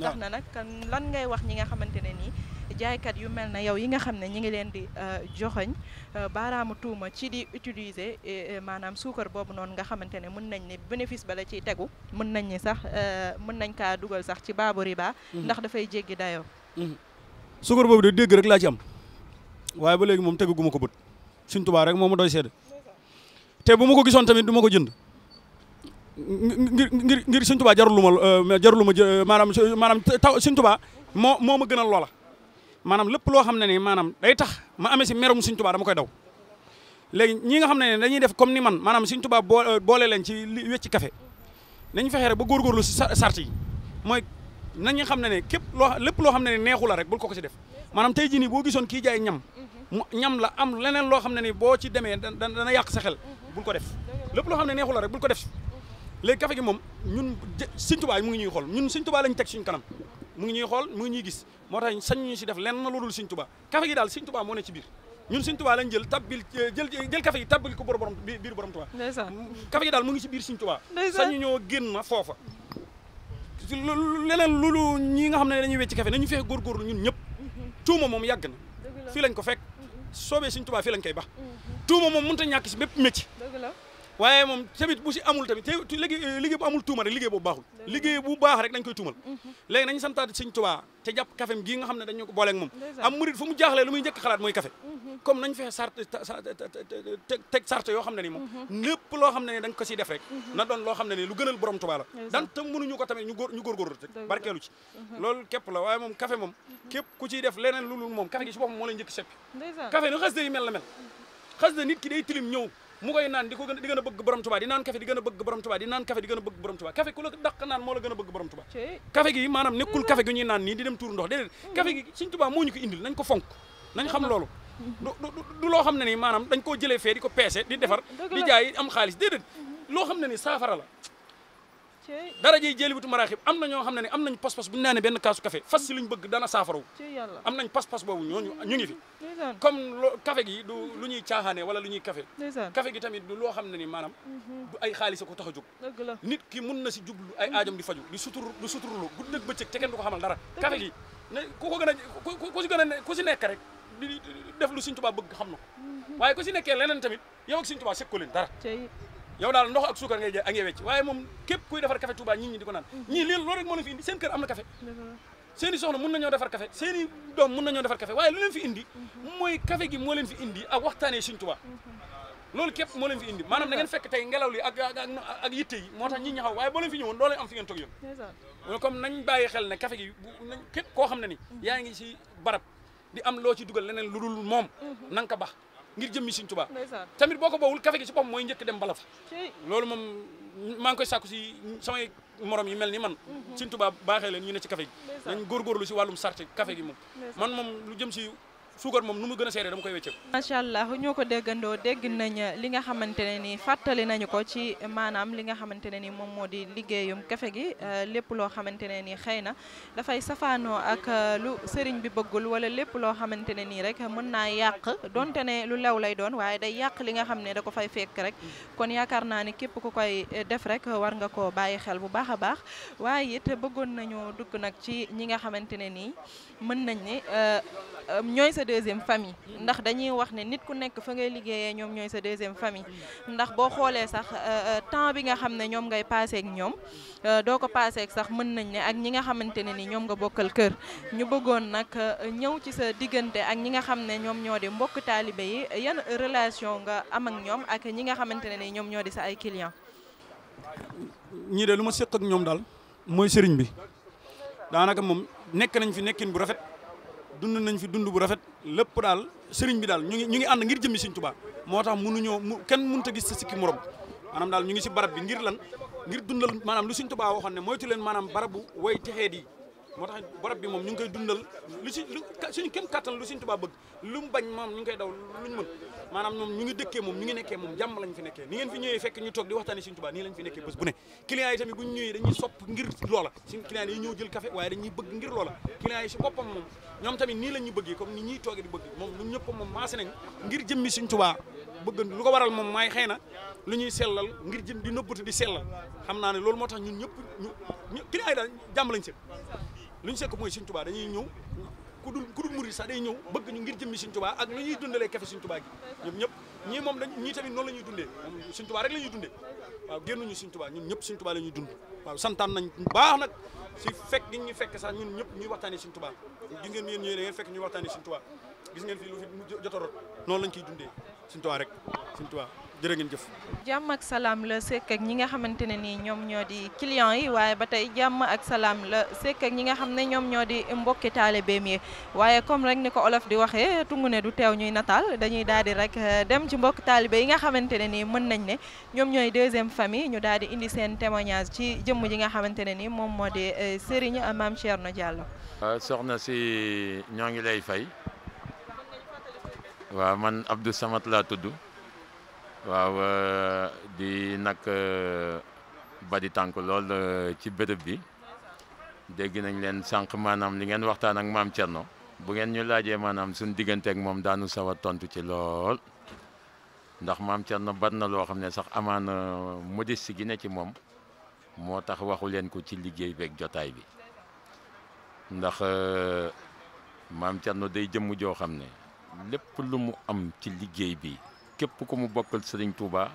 lan ngay wax ñi nga xamante ne nii jaaykat yu mel na yow yi nga xam ne ñi ngi leen di euh, joxoñ euh, baaraamu tuuma ci di utiliser euh, maanaam suukar boobu noonu nga xamante ne mën nañ ne bénéfice bala ciy tegu mën nañ ni sax mën nañ kaa dugal sax ci baabu riba mhm. ndax dafay jéggi dayoo mhm. suukar boobu de dégg rek laa ci am waaye ba léegi moom tegaguma ko bët suñ tubaa rek moom ma doy seede te bu ma ko gisoon tamit duma ko jënd ngir ngir ngir Sëñ Tuubaa jarul ma euh, jarul ma euh, maanaam maanaam taw Sëñ Tuubaa moo moo ma gënal loola maanaam lépp loo xam ne ni maanaam day tax ma ame si merum Sëñ Tuubaa dama koy daw léegi ñi nga xam ne dañuy def comme ni man maanaam Sëñ Tuubaa boole euh, leen ci li wecci café nañu fexe rek ba góorgóorlu si sart yi mooy nañu xam ne ne képp loo lépp loo xam ne ne rek bul ko ko si def maanaam tey jii nii boo gisoon kii jaay ñam mu ñam la am leneen loo xam ne ni boo ci demee dana yàq sa xel bul ko def lépp loo xam ne neexu la rek bul ko def léegi café gi moom ñun Sëñ Tuubaa mu ngi ñuy xool ñun Sëñ Tuubaa lañ teg suñ kanam mu ngi ñuy xool mu ngi ñuy gis moo tax sañ ñu si def lenn lu dul Sëñ Tuubaa café gi daal Sëñ Tuubaa moo ne ci biir ñun Sëñ Tuubaa lañ jël tabbil jël jël café gi tabbil ko borom biir borom Tuubaa café gi daal mu ngi ci biir Sëñ Tuubaa sañu ñoo génn na foofa leneen loolu ñi nga xam ne dañuy wecci café nañu fexe góorgóorlu ñun ñëpp tuuma moom yàgg na fii lañ ko fek mm-hmm. soobee Sëñ Tuubaa fii lañ koy bax mm-hmm. tuuma moom mun a ñàkk si bépp métier waaye moom tamit bu si amul tamit te liggéey euh, liggéey bu amul tuuma rek liggéey boobu bu baax rek dañ koy tuumal mhm. léegi nañu santaat Sëñ Tuubaa te jàpp café gii nga xam ne dañu ko booleeg moom am murid fu mu jaaxlee lu muy njëkk xalaat mooy café mhm. comme nañ fexe sart teg yoo xam ne ni moom mhm. lépp loo xam ne ni dañ ko siy def rek na doon loo xam ne ni lu gënal borom Tuubaa la daan te mënuñu ko tamit ñu góor ñu góorgóorlu rek barkeelu ci loolu képp la waaye moom café moom képp ku ciy def leneen lu lul moom café gi si boppam moo lay ni xas yi mel la mel mu naan di ko gën di gën a bëgg borom Tuubaa di naan café di gën a bëgg borom Tuubaa di naan café di gën a bëgg borom Tuubaa café ku la dàq naan moo gi maanaam mm. naan nii di dem tuur ndox déedéet mm. café gi Sëñ Tuubaa moo ñu ko indil nañ ko fonk nañ xam loolu du loo xam ne ni maanaam dañ koo jëlee fee di ko peese di defar di jaay am xaalis déedéet mm-hmm. loo xam ne ni saafara dara jey jéeli butu maraaxib am na ñoo xam ne ne am na pas-pas bu ñu naanee benn kaasu café fas si luñ bëgg dana saafaraw am nañ pas-pas boobu ñooñu ñu ngi fi comme café gi du lu ñuy caaxaane wala lu ñuy café kafe gi tamit du loo xam ne ni maanaam mhm. du ay xaalis ko tax a nit ki mun na si jublu ay mhm. aajam di faju di sutur du suturlu gudd ak bëccëg te kenn du xamal dara café gi ko a ku si gën nekk rek di def lu Sëñ Tuubaa bëgg xam na ko mhm. waaye ko si nekkee leneen tamit yow ak Sëñ Tuubaa sekk ko yow daal ndox ak suukar ngay jaay wecc waaye moom képp kuy defar café Touba ñit ñi di ko naan mhm. ñii lii loolu rek leen fi indi seen kër am na café mhm. seen i soxna mun nañoo defar kafe seen i doom mun nañoo defar café waaye lu leen fi indi mhm. mooy café gi moo leen fi indi a waxtaanee Sëñ Touba loolu képp moo leen fi indi maanaam da ngeen fekk tey ngelaw li ak ak yitte yi moo tax ñi ñaxaw waaye boo leen fi ñëwoon doo leen am fi ngeen toog yoon comme nañ xel ne kafe gi nañ képp koo xam ne ni yaa ngi si barab di am loo ci dugal leneen lu dul moom na ko baax ngir jëmmi Sëñ Tuubaa tamit boo ko boowul café gi ci boppam mooy njëkk dem bala fa loolu moom maa ngi koy sàkku si samay morom yi mel ni man mhm. Sëñ Tuubaa baaxee leen ñu ne ci kafe gi góor góorgóorlu si wàllum sart kafe gi moom man moom lu jëm si suukar moom nu mu gën a seeree dama koy wécceeku. macha allah ñoo ko déggandoo dégg nañ li nga xamante ne ni fàttali nañu ko ci maanaam li nga xamante ne ni moom moo di liggéeyum kefe gi euh, lépp loo xamante ne ni xëy na dafay safaanoo ak euh, lu sëriñ bi bëggul wala lépp loo xamante ne nii rek mën naa yàq donte ne lu lew lay doon waaye day yàq li nga xam ne da ko fay fekk rek kon yaakaar naa ni képp ku koy euh, def rek war nga koo bàyyi xel bu baax a baax waaye it bëggoon nañu dugg nag ci ñi nga xamante ne nii mën nañ ni ñooy sa deuxième famille ndax dañuy wax ne nit ku nekk fa ngay liggéeyee ñoom ñooy sa deuxième famille ndax boo xoolee sax euh, euh, temps bi nga xam ne ñoom ngay passé ak ñoom euh, doo ko passé ak sax mën nañ ne ak ñi nga xamante ne ni ñoom nga bokkal kër ñu bëggoon nag ñëw ci sa diggante ak ñi nga xam ne ñoom ñoo di mbokk taalibe yi yan relation nga am ak ñoom ak ñi nga xamante ne ni ñoom ñoo di sa ay client ñii de lu ma séq ak ñoom daal mooy sëriñ bi daanaka moom nekk nañ fi nekkin bu rafet dund nañ fi dund bu rafet lépp daal sëriñ bi daal ñu ngi ñu ngi ànd ngir jëmmi sëriñ Tuubaa moo tax mënuñoo mu kenn mënut a gis sa sikki morom maanaam daal ñu ngi si barab bi ngir lan ngir dundal maanaam lu sëriñ Tuubaa waxoon ne moytu leen maanaam barabu way texe di moo tax barab bi moom ñu ngi koy dundal lu si lu suñu kenn lu suñ bëgg lu mu bañ maam koy daw lu ñu mën maanaam ñoom ñu ngi dëkkee moom ñu nekkee moom jàmm fi nekkee ni ngeen fi ñëwee nii lañ fi nekkee bés bu ne clients yi tamit bu ñu ñëwee dañuy sopp ngir loola suñu clients yi bëgg ngir loola clients yi si boppam moom ñoom tamit nii lañ ñu bëggee comme ni ñuy toogee di bëgg moom ñun ñëpp moom maase nañ ngir jëmmi suñu tubaab bëgg lu ko waral moom maay xëy na lu ñuy sellal ngir jëm di nëbbatu di sellal xam naa ne loolu moo tax ñun ñëpp ñu clients yi daal jàmm lu ñu sekk mooy Sëñ Tuubaa dañuy ñëw ku dul ku sa murid day ñëw bëgg ñu ngir jëmmi Sëñ Tuubaa ak lu ñuy dundalee kafe Sëñ Tuubaa gi ñëpp ñii moom dañ ñii tamit noonu la dundee moom Sëñ Tuubaa rek la ñuy dundee waaw génnuñu Sëñ Tuubaa ñun ñëpp Sëñ Tuubaa la ñuy dund waaw santaan nañ baax nag si fekk gi ñu fekk sax ñun ñëpp ñuy waxtaanee Sëñ Tuubaa gis ngeen yéen ñëwee da ngeen fekk ñuy waxtaanee Sëñ Tuubaa gis ngeen fii lu fi jot a rot noonu lañ koy dundee Sëñ Tuubaa rek jërë jàmm ak salaam la sekk ak ñi nga xamante ne nii ñoom ñoo di clients yi waaye ba tey jàmm ak salaam la sekk ak ñi nga xam ne ñoom ñoo di mbokki taalibeem yi waaye comme rek ni ko olof di waxee tungu ne du teew ñuy nataal dañuy daal di rek eh, dem ci mbokki taalibe yi nga xamante ne nii mën nañ ne ñoom ñooy deuxième famille ñu daal di indi seen témoignage ci jëmm ji nga xamante ne nii moom moo di eh, Serigne eh, Mame Thierno Diallo. soxna si ñoo ngi lay fay. waaw man Abdou laa tudd. waaw euh, di nag euh, badi tànk lool euh, ci béréb bi dégg nañ leen sànq maanaam li ngeen waxtaan ak maam Thierno bu ngeen ñu laajee maanaam suñu digganteeg moom daanu sawar tontu ci lool ndax maam Thierno bari na loo xam ne sax amaana modeste gi ne ci moom moo tax waxu leen ko ci liggéey beeg jotaay bi ndax maam Thierno day jëmm joo xam ne lépp lu mu am ci liggéey bi. képp ko mu bokkal sëriñ Touba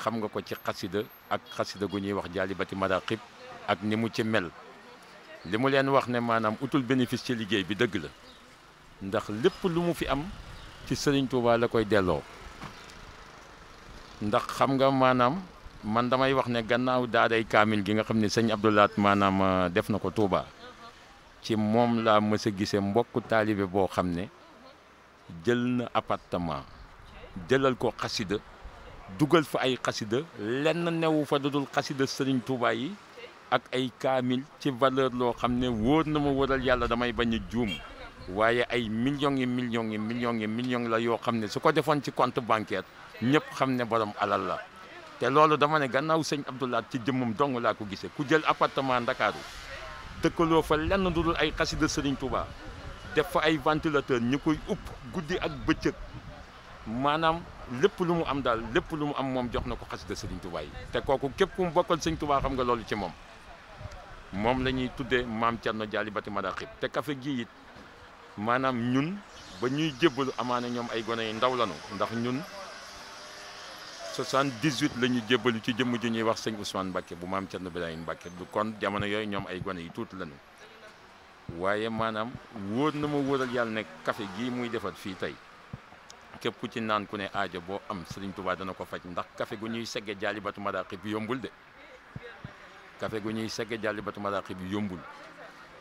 xam nga ko ci xasida ak xasida gu ñuy wax jaalibati maraqib ak ni mu ci mel li mu leen wax ne maanaam utul bénéfice ci liggéey bi dëgg la ndax lépp lu mu fi am ci sëriñ Touba la koy delloo ndax xam nga maanaam man damay wax ne gannaaw daaray kaamil gi nga xam ni sëñ Abdoulaat maanaam euh, def na ko Touba ci moom laa mës a gisee mbokk taalibe boo xam ne jël na appartement jëlal ko xasida dugal fa ay xasida lenn newu fa dudul xasida sëriñ Touba yi ak ay kaamil ci valeur loo xam ne wóor na ma wóoral yàlla damay bañ juum waaye ay millions yi millions yi millions yi millions la yoo xam ne su ko defoon ci compte bancaire ñëpp xam ne borom alal la te loolu dama ne gannaaw sëñ Abdoulaat ci jëmmam dong laa ko gisee ku jël appartement Ndakaaru dëkkaloo fa lenn dudul ay xasida sëriñ Touba def fa ay ventilateur ñu koy upp guddi ak bëccëg maanaam lépp lu mu am daal lépp lu mu am moom jox na ko xasida Serigne Touba yi te kooku képp ku mu bokkal Serigne Touba xam nga loolu ci moom moom la ñuy tuddee maam Thierno Dialibati Madaxib te kafe gi it maanaam ñun ba ñuy jébbalu amaana ñoom ay gone yu ndaw lañu ndax ñun 78 la ñu jébbalu ci jëmm ji ñuy wax sëñ Ousmane Mbacke bu maam Thierno Birahim Mbacke du kon jamono yooyu ñoom ay gone yu tuuti lañu waaye maanaam wóor na ma wóoral yàlla ne kafe gii muy defar fii tey. képp ku ci naan ku ne aajo boo am Serigne Touba dana ko faj ndax kafe gu ñuy segge jaalibatu maraqib bi yombul de kafe gu ñuy segge jaalibatu maraqib bi yombul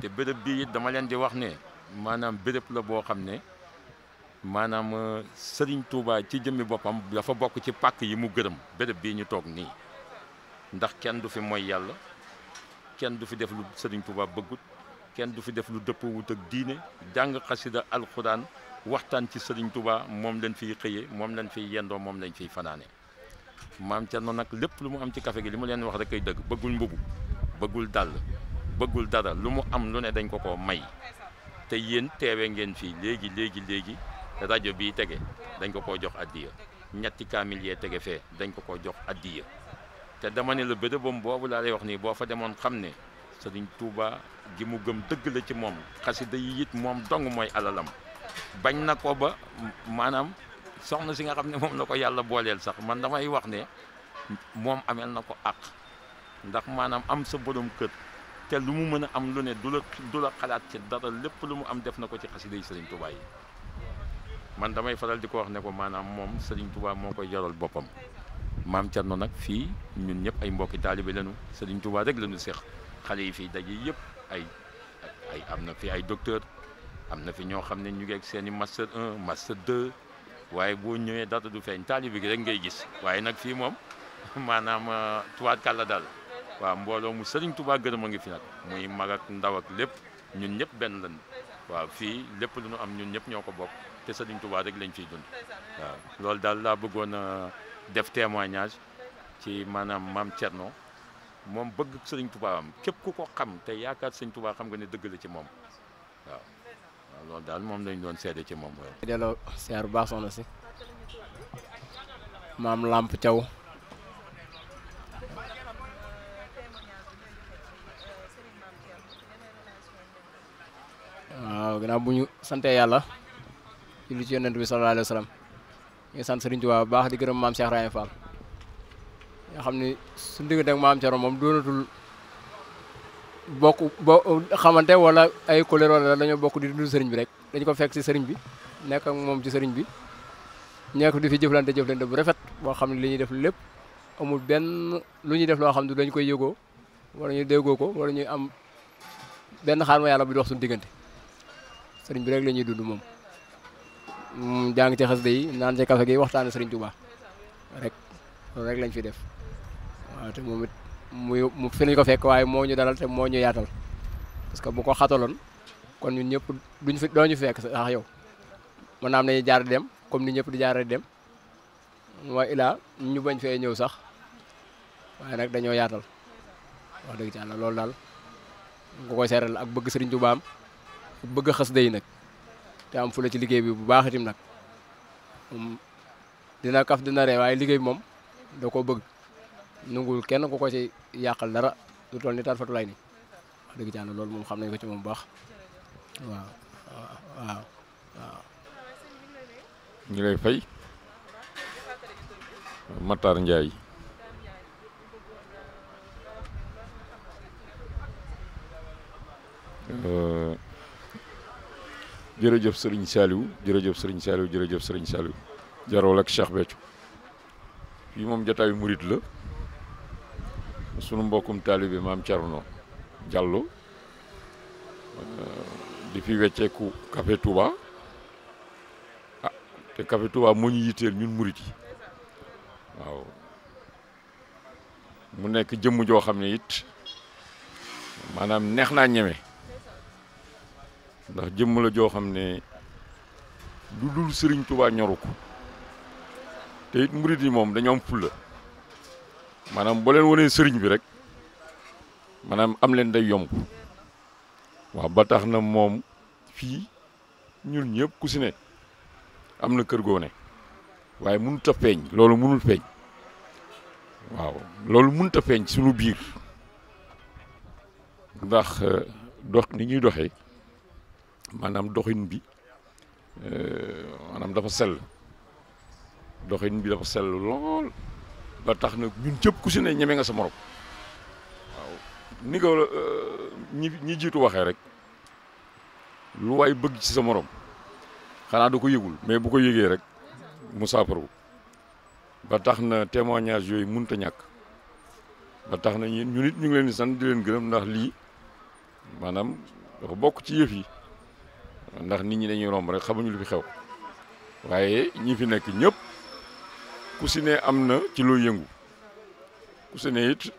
te bërëb bii it dama leen di wax ne maanaam béréb la boo xam ne maanaam euh, sëriñ Touba ci jëmmi boppam dafa bokk ci pàkk yi mu gërëm béréb bii ñu toog nii ndax kenn du fi mooy yàlla kenn du fi def sëriñ Serigne Touba bëggut kenn du fi def lu dëppawut ak diine jàng xasida alxuraan waxtaan ci Serigne Touba moom lañ fiy xëye moom lañ fiy yendoo moom lañ fiy fanaane maam Thierno nag lépp lu mu am ci café gi li mu leen wax rek ay dëgg bëggul mbubu bëggul dàll bëggul dara lu mu am lu ne dañ ko ko may te yéen teewe ngeen fii léegi léegi léegi rajo bii tege dañ ko koo jox addiya ñetti kaamil yee tege fee dañ ko koo jox addiya te dama ne la bérébam boobu laa lay wax nii boo fa demoon xam ne Serigne Touba gi mu gëm dëgg la ci moom xasida yi moom dong mooy alalam bañ na ko ba maanaam soxna si nga xam ne moom la ko yàlla booleel sax man damay wax ne moom ameel na ko àq ndax maanaam am sa boroom kër te lu mu mën a am lu ne du la xalaat ci dara lépp lu mu am def na ko ci xasida yi Serigne Touba yi man damay faral di ko wax ne ko maanaam moom Serigne Touba moo koy yoral boppam maam Thierno nag fii ñun ñëpp ay mbokki taalibe lañu sëriñ Touba rek lañu seex xale yi fii daje yëpp ay ay am na fii ay docteur am na fi ñoo xam ne ñu ngi ak seen i master 1 master 2 waaye boo ñëwee data du feeñ taalibe gi rek ngay gis waaye nag fii moom maanaam euh, tubaab kàlla daal waaw mbooloo mu sëriñ Tuubaa gërëm a ngi fi nag muy mag ak ndaw ak lépp ñun ñëpp benn lañ waaw fii lépp lu ñu am ñun ñëpp ñoo ko bokk te sëriñ tubaa rek lañ fiy dund waaw. loolu daal laa bëggoon a euh, def témoignage ci maanaam maam Thierno moom bëgg sëriñ Tuubaa am képp ku ko xam te yaakaar sëriñ tubaa xam nga ne dëgg la ci moom. loolu daal moom lañ doon seede ci moom mooy. delloo siyaar bu baax soxna si maam Lamp Thiaw waaw gannaaw sante yàlla julli ci yonent bi sallallahu alayhi wa sant Serigne Touba bu baax di gërëm maam Cheikh Rahim Fall xam ni suñu diggante maam Thiaw moom doonatul. bokk bo xamante wala ay couleur wala dañoo bokk di dund sëriñ bi rek dañ ko fekk ci sëriñ bi nekk moom ci sëriñ bi ñeeko di fi jëflante jëflante bu rafet boo xam ne li ñuy def lépp amul benn lu ñuy def loo xam ne dañ koy yëgoo wala ñu déggoo ko wala ñuy am benn xaar ma yàlla bu di wax suñu diggante sëriñ bi rek la ñuy dund moom mm, jàng ci xasida yi naan ci café gi waxtaane sëriñ Tuubaa rek rek lañ fi def waaw moom muy mu fi ko fekk waaye moo ñu dalal te moo ñu yaatal parce que bu ko xataloon kon ñun ñëpp duñ fi dooñu fekk sax yow mën naa am nañu jaar dem comme ni ñëpp di jaarale dem waaye ilaa ñu bañ fee ñëw sax waaye nag dañoo yaatal wax dëgg ci Yàlla loolu daal nga koy seeral ak bëgg Sëriñ Tuubaa am bëgg xas day nag te am fula ci liggéey bi bu baax itam nag dina kaf dina ree waaye liggéey moom da koo bëgg. nungul kenn ku ko ci yàqal dara lu toll ni tar fatulay ni wax dëgg ci loolu moom xam nañ ko ci moom baax waaw waaw ñu lay fay Matar Ndiaye euh, jërëjëf sëriñ Saliou jërëjëf sëriñ Saliou jërëjëf sëriñ Saliou jarol ak Cheikh Béthio fii moom jotaayu murit la sunu mbokkum taalibe maam Thierno Diallo euh, di fi wecceeku Café Touba ah te Café Touba moo ñu yitteel ñun murit waaw mu nekk jëmm joo xam ne it maanaam neex naa ñeme ndax jëmm la joo xam ne lu dul Sëriñ Touba ñoru ko te it murit yi moom dañoom am fulla maanaam boo leen wanee sëriñ bi rek maanaam am leen day yomb waaw ba tax na moom fii ñun ñëpp ku si ne am na kër goo ne waaye mënut a feeñ loolu mënul feeñ waaw loolu mënut a feeñ suñu biir ndax euh, dox ni ñuy doxee maanaam doxin bi euh, maanaam dafa sell doxin bi dafa sell lool. ba tax na ñun jëpp ku si ne ñeme nga sa morom waaw ni ko euh, ñi ñi jiitu waxee rek lu waay bëgg ci sa morom xanaa du ko yëgul mais bu ko yëgee rek mu saafaru ba tax na témoignage yooyu mënut a ñàkk ba tax na ñun ñu nit ñu ngi leen di sant di leen gërëm ndax lii maanaam dafa bokk ci yëf yi ndax nit ñi dañuy romb rek xamuñu lu fi xew waaye ñi fi nekk ñëpp. ku si am na ci loo yëngu ku si ne it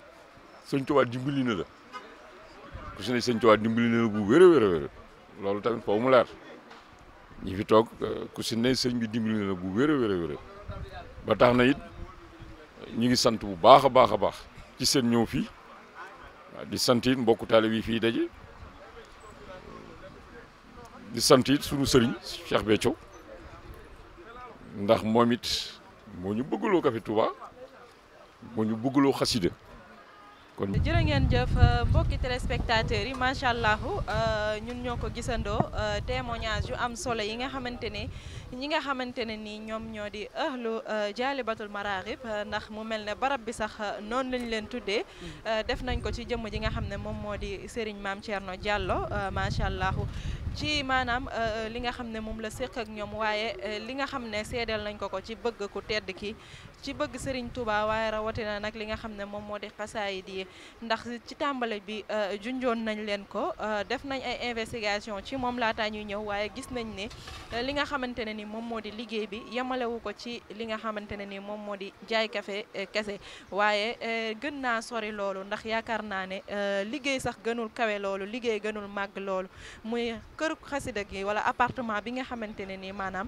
sëñ Tuubaa la ku si ne sëñ la bu wér a wér a loolu tamit foofu mu leer ñi fi toog euh, ku si sëñ bi dimbali bu wér a wér a wér ba tax na it ñu ngi sant bu baax a baax a baax ci seen ñëw fii di sant it mbokku taalibe yi fii daje di sant it sunu sëriñ Cheikh Béthio ndax moom it. moo ñu bëggloo Café Touba moo ñu bëggloo xasida kon jërë ngeen jëf mbokki téléspectateurs yi macha allah euh, ñun ñoo ko gisandoo euh, témoignage yu am solo yi nga xamante ne ñi nga xamante ne nii ñoom ñoo di ahlu euh, jaalibatul maraarib ndax mu mel ne barab bi sax noonu lañ leen tuddee mm. def nañ ko ci jëmm ji nga xam ne moom moo di Serigne Mame no Diallo macha allah. ci maanaam euh, euh, li nga xam ne moom la séq ak ñoom waaye euh, li nga xam ne seedeel nañ ko ko ci bëgg a ku tedd ki ci bëgg Serigne Touba waaye rawatina nag li nga xam ne moom moo di xasaayid yi ndax ci tàmbale bi euh, junjoon nañ leen ko euh, def nañ ay investigation ci moom laataa ñuy ñëw waaye gis nañ ne euh, li nga xamante ne ni moom moo di liggéey bi yemalewu ko ci li nga xamante ne ni moom moo di jaay kafe kese waaye gën naa sori loolu ndax yaakaar naa ne liggéey sax gënul kawe loolu liggéey gënul màgg loolu muy këru xasida gi wala appartement bi nga xamante ne ni maanaam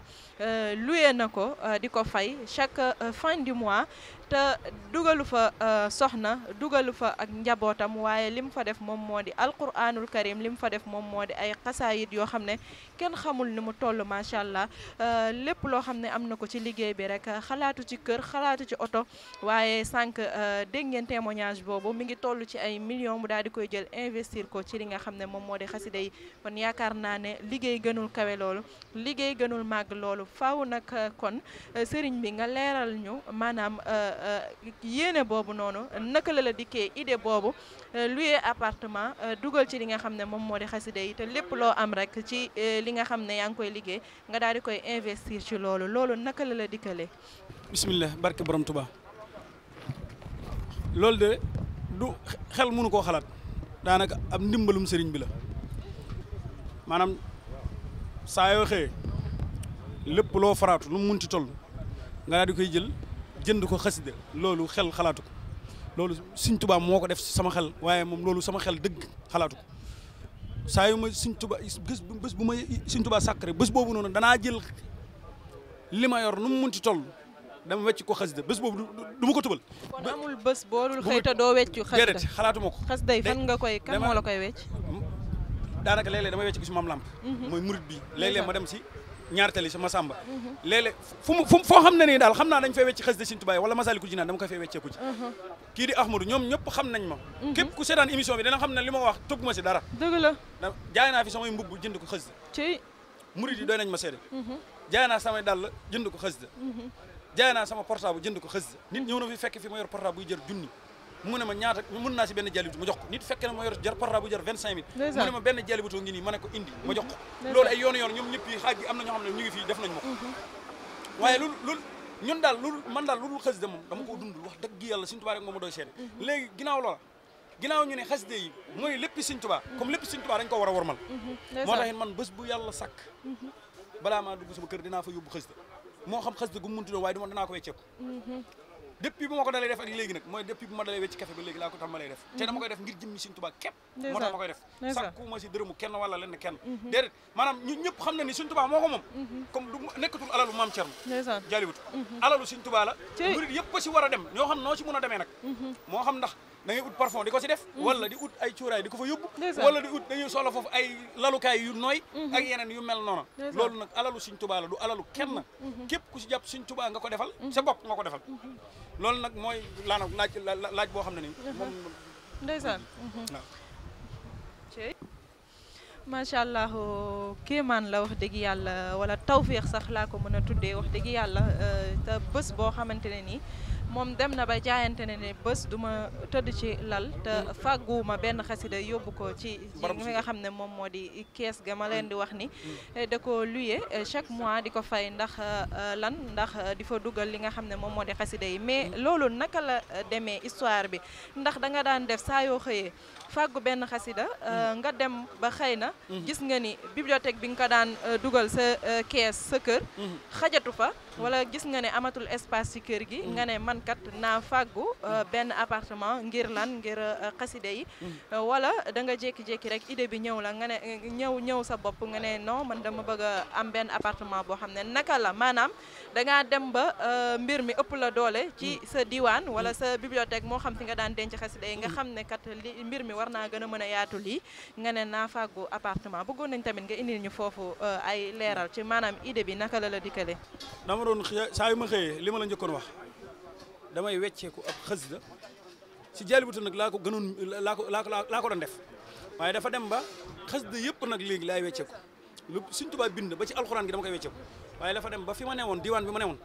luye na ko di ko fay chaque fin du mois te dugalu fa euh, soxna dugalu fa ak njabootam waaye li mu fa def moom moo di alquranul karim li mu fa def moom moo di ay xasaayit yoo xam ne kenn xamul ni mu toll macha allah euh, lépp loo xam ne am na ko ci liggéey bi rek xalaatu ci kër xalaatu ci oto waaye sànq euh, dégg ngeen témoignage boobu mu ngi toll ci ay millions mu daal di koy jël investir ko ci li nga xam ne moom moo di xasida yi kon yaakaar naa ne liggéey gënul kawe loolu liggéey gënul màgg loolu faw nag kon sëriñ bi nga leeral ñu maanaam. Euh, yéene boobu noonu naka la la dikkee idée boobu euh, luye appartement euh, dugal ci li nga xam ne moom moo di xasida yi te lépp loo am rek ci li nga xam ne yaa ngi koy liggéey nga daal di koy investir ci loolu loolu naka la la dikkalee. bismillah barke borom Tuubaa loolu de du xel mënu koo xalaat daanaka am ndimbalum sëriñ bi la maanaam saa yoo xëyee lépp loo faraatu lu mu munti toll nga daal koy jël. jënd ko xasida loolu xel xalaatu loolu Sëñ Tuubaa moo ko def sama xel waaye moom loolu sama xel dëgg xalaatu ko saa yu ma Sëñ Tuubaa bés bés bu ma Sëñ Tuubaa sàkk rek bés boobu noonu danaa jël li ma yor nu mu munti toll dama wecc ko xasida bés boobu du ma ko tubal. kon amul bës boo dul xëy te doo weccu. xasida déedéet xalaatu ko. xasida yi fan nga koy kan moo la koy wecc. daanaka léeg-léeg dama wecc ko si maam làmp mhm. mooy murit bi léeg ma dem si. ñaar tali si Massamba léeg foo xam ne nii daal xam naa dañ fay wecc xasida Sëriñ Tuubaa wala Masaalikul Jinaan dama koy fay wecceeku ci kii di Ahmadou ñoom ñëpp xam nañ ma mhm. képp ku seetaan émission bi dina xam ne li ma wax tëgg ma si dara dëgg la jaay naa fi samay mbubb jënd ko xasida ci murid yi doy nañ ma seede mhm. jaay naa samay dàll jënd ko xasida mhm. jaay naa sama portable jënd ko xasida nit ñëw na fi fekk fi ma yor portable buy jër junni mu ne ma ñaata mën naa si benn jalibutu ma jox nit fekke na ma yor jar porra bu jar vingt cinq mille mu ne ma benn jalibutu ngi nii ma ko indi ma jox loolu ay yoonu yoon mhm. ñun daal lu man daal loolu xasida moom dama koo dundul wax dëgg yalla suñu tubaa rek moo ma doy seede mhm. léegi ginnaaw loola ginnaaw ñu e xasida yi mooy lépp suñ tubaa comme lépp suñ tubaa ko war a warmal mhm. moo taxit man bés bu yàlla sàkk balaa maa dugg sama kër dinaa fa yóbbu xasida moo xam xasida gu m munti doon waaye depuis bu ma ko dalee def ak léegi nag mooy depuis bu ma dalee wecc café ba léegi laa ko tax ma lay def te dama mhm. def ngir jëmmi Sëriñ Tuubaa moo tax ma koy def sàkku ma si dërëmu kenn wala lenn kenn mhm. déedéet maanaam ñun ñëpp xam na ni Sëriñ moo ko moom mhm. comme du nekkatul alalu maam Cerno jaaliwut alalu Sëriñ Tuubaa la murid yëpp si war a dem ñoo xam noo si mën a demee nag moo xam ndax da ngay ut parfum di ko si def mhm. wala di ut ay cuuraay di ko fa yóbbu wala di ut dañuy soxla foofu ay lalukaay yu nooy mhm. ak yeneen yu mel noonu loolu nag alalu suñ tubaala du alalu kenn mhm. képp ku si jàpp suñ tubaa nga ko defal sa bopp nga ko defal loolu nag mooy laana laaj laaj boo xam ne ni moom ndeysaan waaw macha allah kéemaan la wax dëgg yàlla wala tawféex sax laa ko mën a tuddee wax dëgg yàlla euh, te bés boo xamante ne nii moom dem na ba jaayante ne ne bés du ma tëdd ci lal te fàgguwuma benn xasida yóbbu ko ci mi nga xam ne moom moo di kees ga ma leen di wax ni mm. Mm. Eh, da ko luye eh, chaque mois di ko fay ndax eh, lan ndax di fa dugal li nga xam ne moom moo di xasida yi mais mm. loolu naka la demee histoire bi ndax da nga daan def saa yoo xëyee fàggu benn xasida nga dem ba xëy na gis nga ni bibliothèque bi nga ko daan dugal sa kees sa kër xajatu fa wala gis nga ne amatul espace ci kër gi mm. nga ne man kat naa fàggu euh, mm. benn appartement ngir lan ngir euh, xaside yi mm. euh, wala danga nga jékki-jékki rek idée bi ñëw la nga ne ñëw ñëw sa bopp nga ne non man dama bëgg am benn appartement boo xam ne naka la maanaam dangaa dem ba mbir mi ëpp la doole ci sa diwaan wala sa bibliothèque moo xam fi nga daan denc xaside yi nga xam ne kat mbir mi war naa gën a mën a yaatu lii nga ne naa fàggu appartement bëggoon nañ tamit nga indil ñu foofu ay leeral ci maanaam idée bi naka la la dikkale doon saa yu ma xëyee li ma la njëkkoon wax damay wecceeku ab xasida si Jaalibatul nag laa ko gënoon laa ko laa ko laa ko doon def waaye dafa dem ba xasida yëpp nag léegi laay wecceeku lu Sëñ Tuubaa bind ba ci alxuraan gi dama koy wecceeku waaye dafa dem ba fi ma ne woon diwaan bi ma ne woon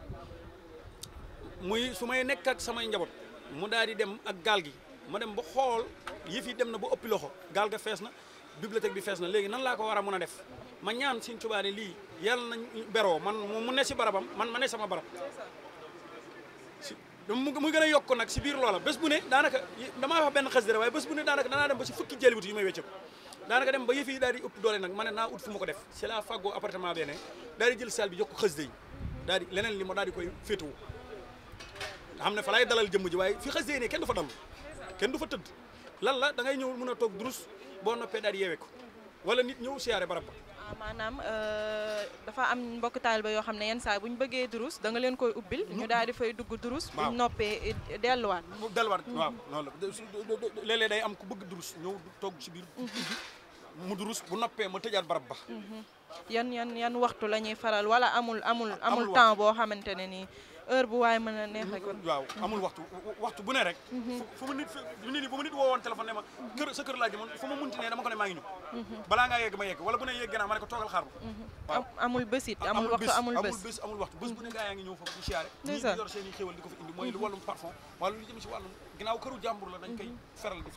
muy su may nekk ak samay njaboot mu daal di dem ak gaal gi ma dem ba xool yëf yi dem na ba ëppi loxo gaal ga fees na bibliothèque bi fees na léegi nan laa ko war a mën a def ma ñaan Sëñ Tuubaa ne lii yàlla nañ beroo man mu ne si barabam man ma ne sama barab si mu gën a yokk nag si biir loola bés bu ne daanaka damaa wax benn xasida waaye bés bu ne daanaka danaa dem ba si fukki jëliwutu yu may di ëpp doole nag ma ne naa ut fu ma ko def si la fàggoo appartement bene daal di jël salle bi yokk xasida yi di leneen li ma daal di koy féetuwu nga xam ne dalal jëmm ji waaye fi xasida kenn du fa dal kenn du fa tëdd lan la da ngay ñëw mun a toog durus boo noppee daal di yeewee ko wala nit ñëw siyaare barab Euh, maanaam euh, dafa am mbokk taaliba yoo xam ne yenn saa bu ñu bëggee durus da nga leen koy ubbil ñu daal di fay dugg durus bu ñu noppee eh, delluwaat delluwaat mm-hmm. waaw loolu léeg-léeg day am ku bëgg durus ñëw toog ci biir mm-hmm. mu durus bu noppee ma tëjaat barab ba mm-hmm. yan yan yan waxtu la ñuy faral wala amul amul amul temps boo xamante ne nii heure bu waaye mën a neex rek waaw amul waxtu waxtu bu ne rek fu ma nit nit ma nit woowoon téléphone ne ma kër sa kër laa jëmoon fu ma munti ne dama ko ne naa ma yor seen i xéwal di mhm. la dañ koy mhm. feral di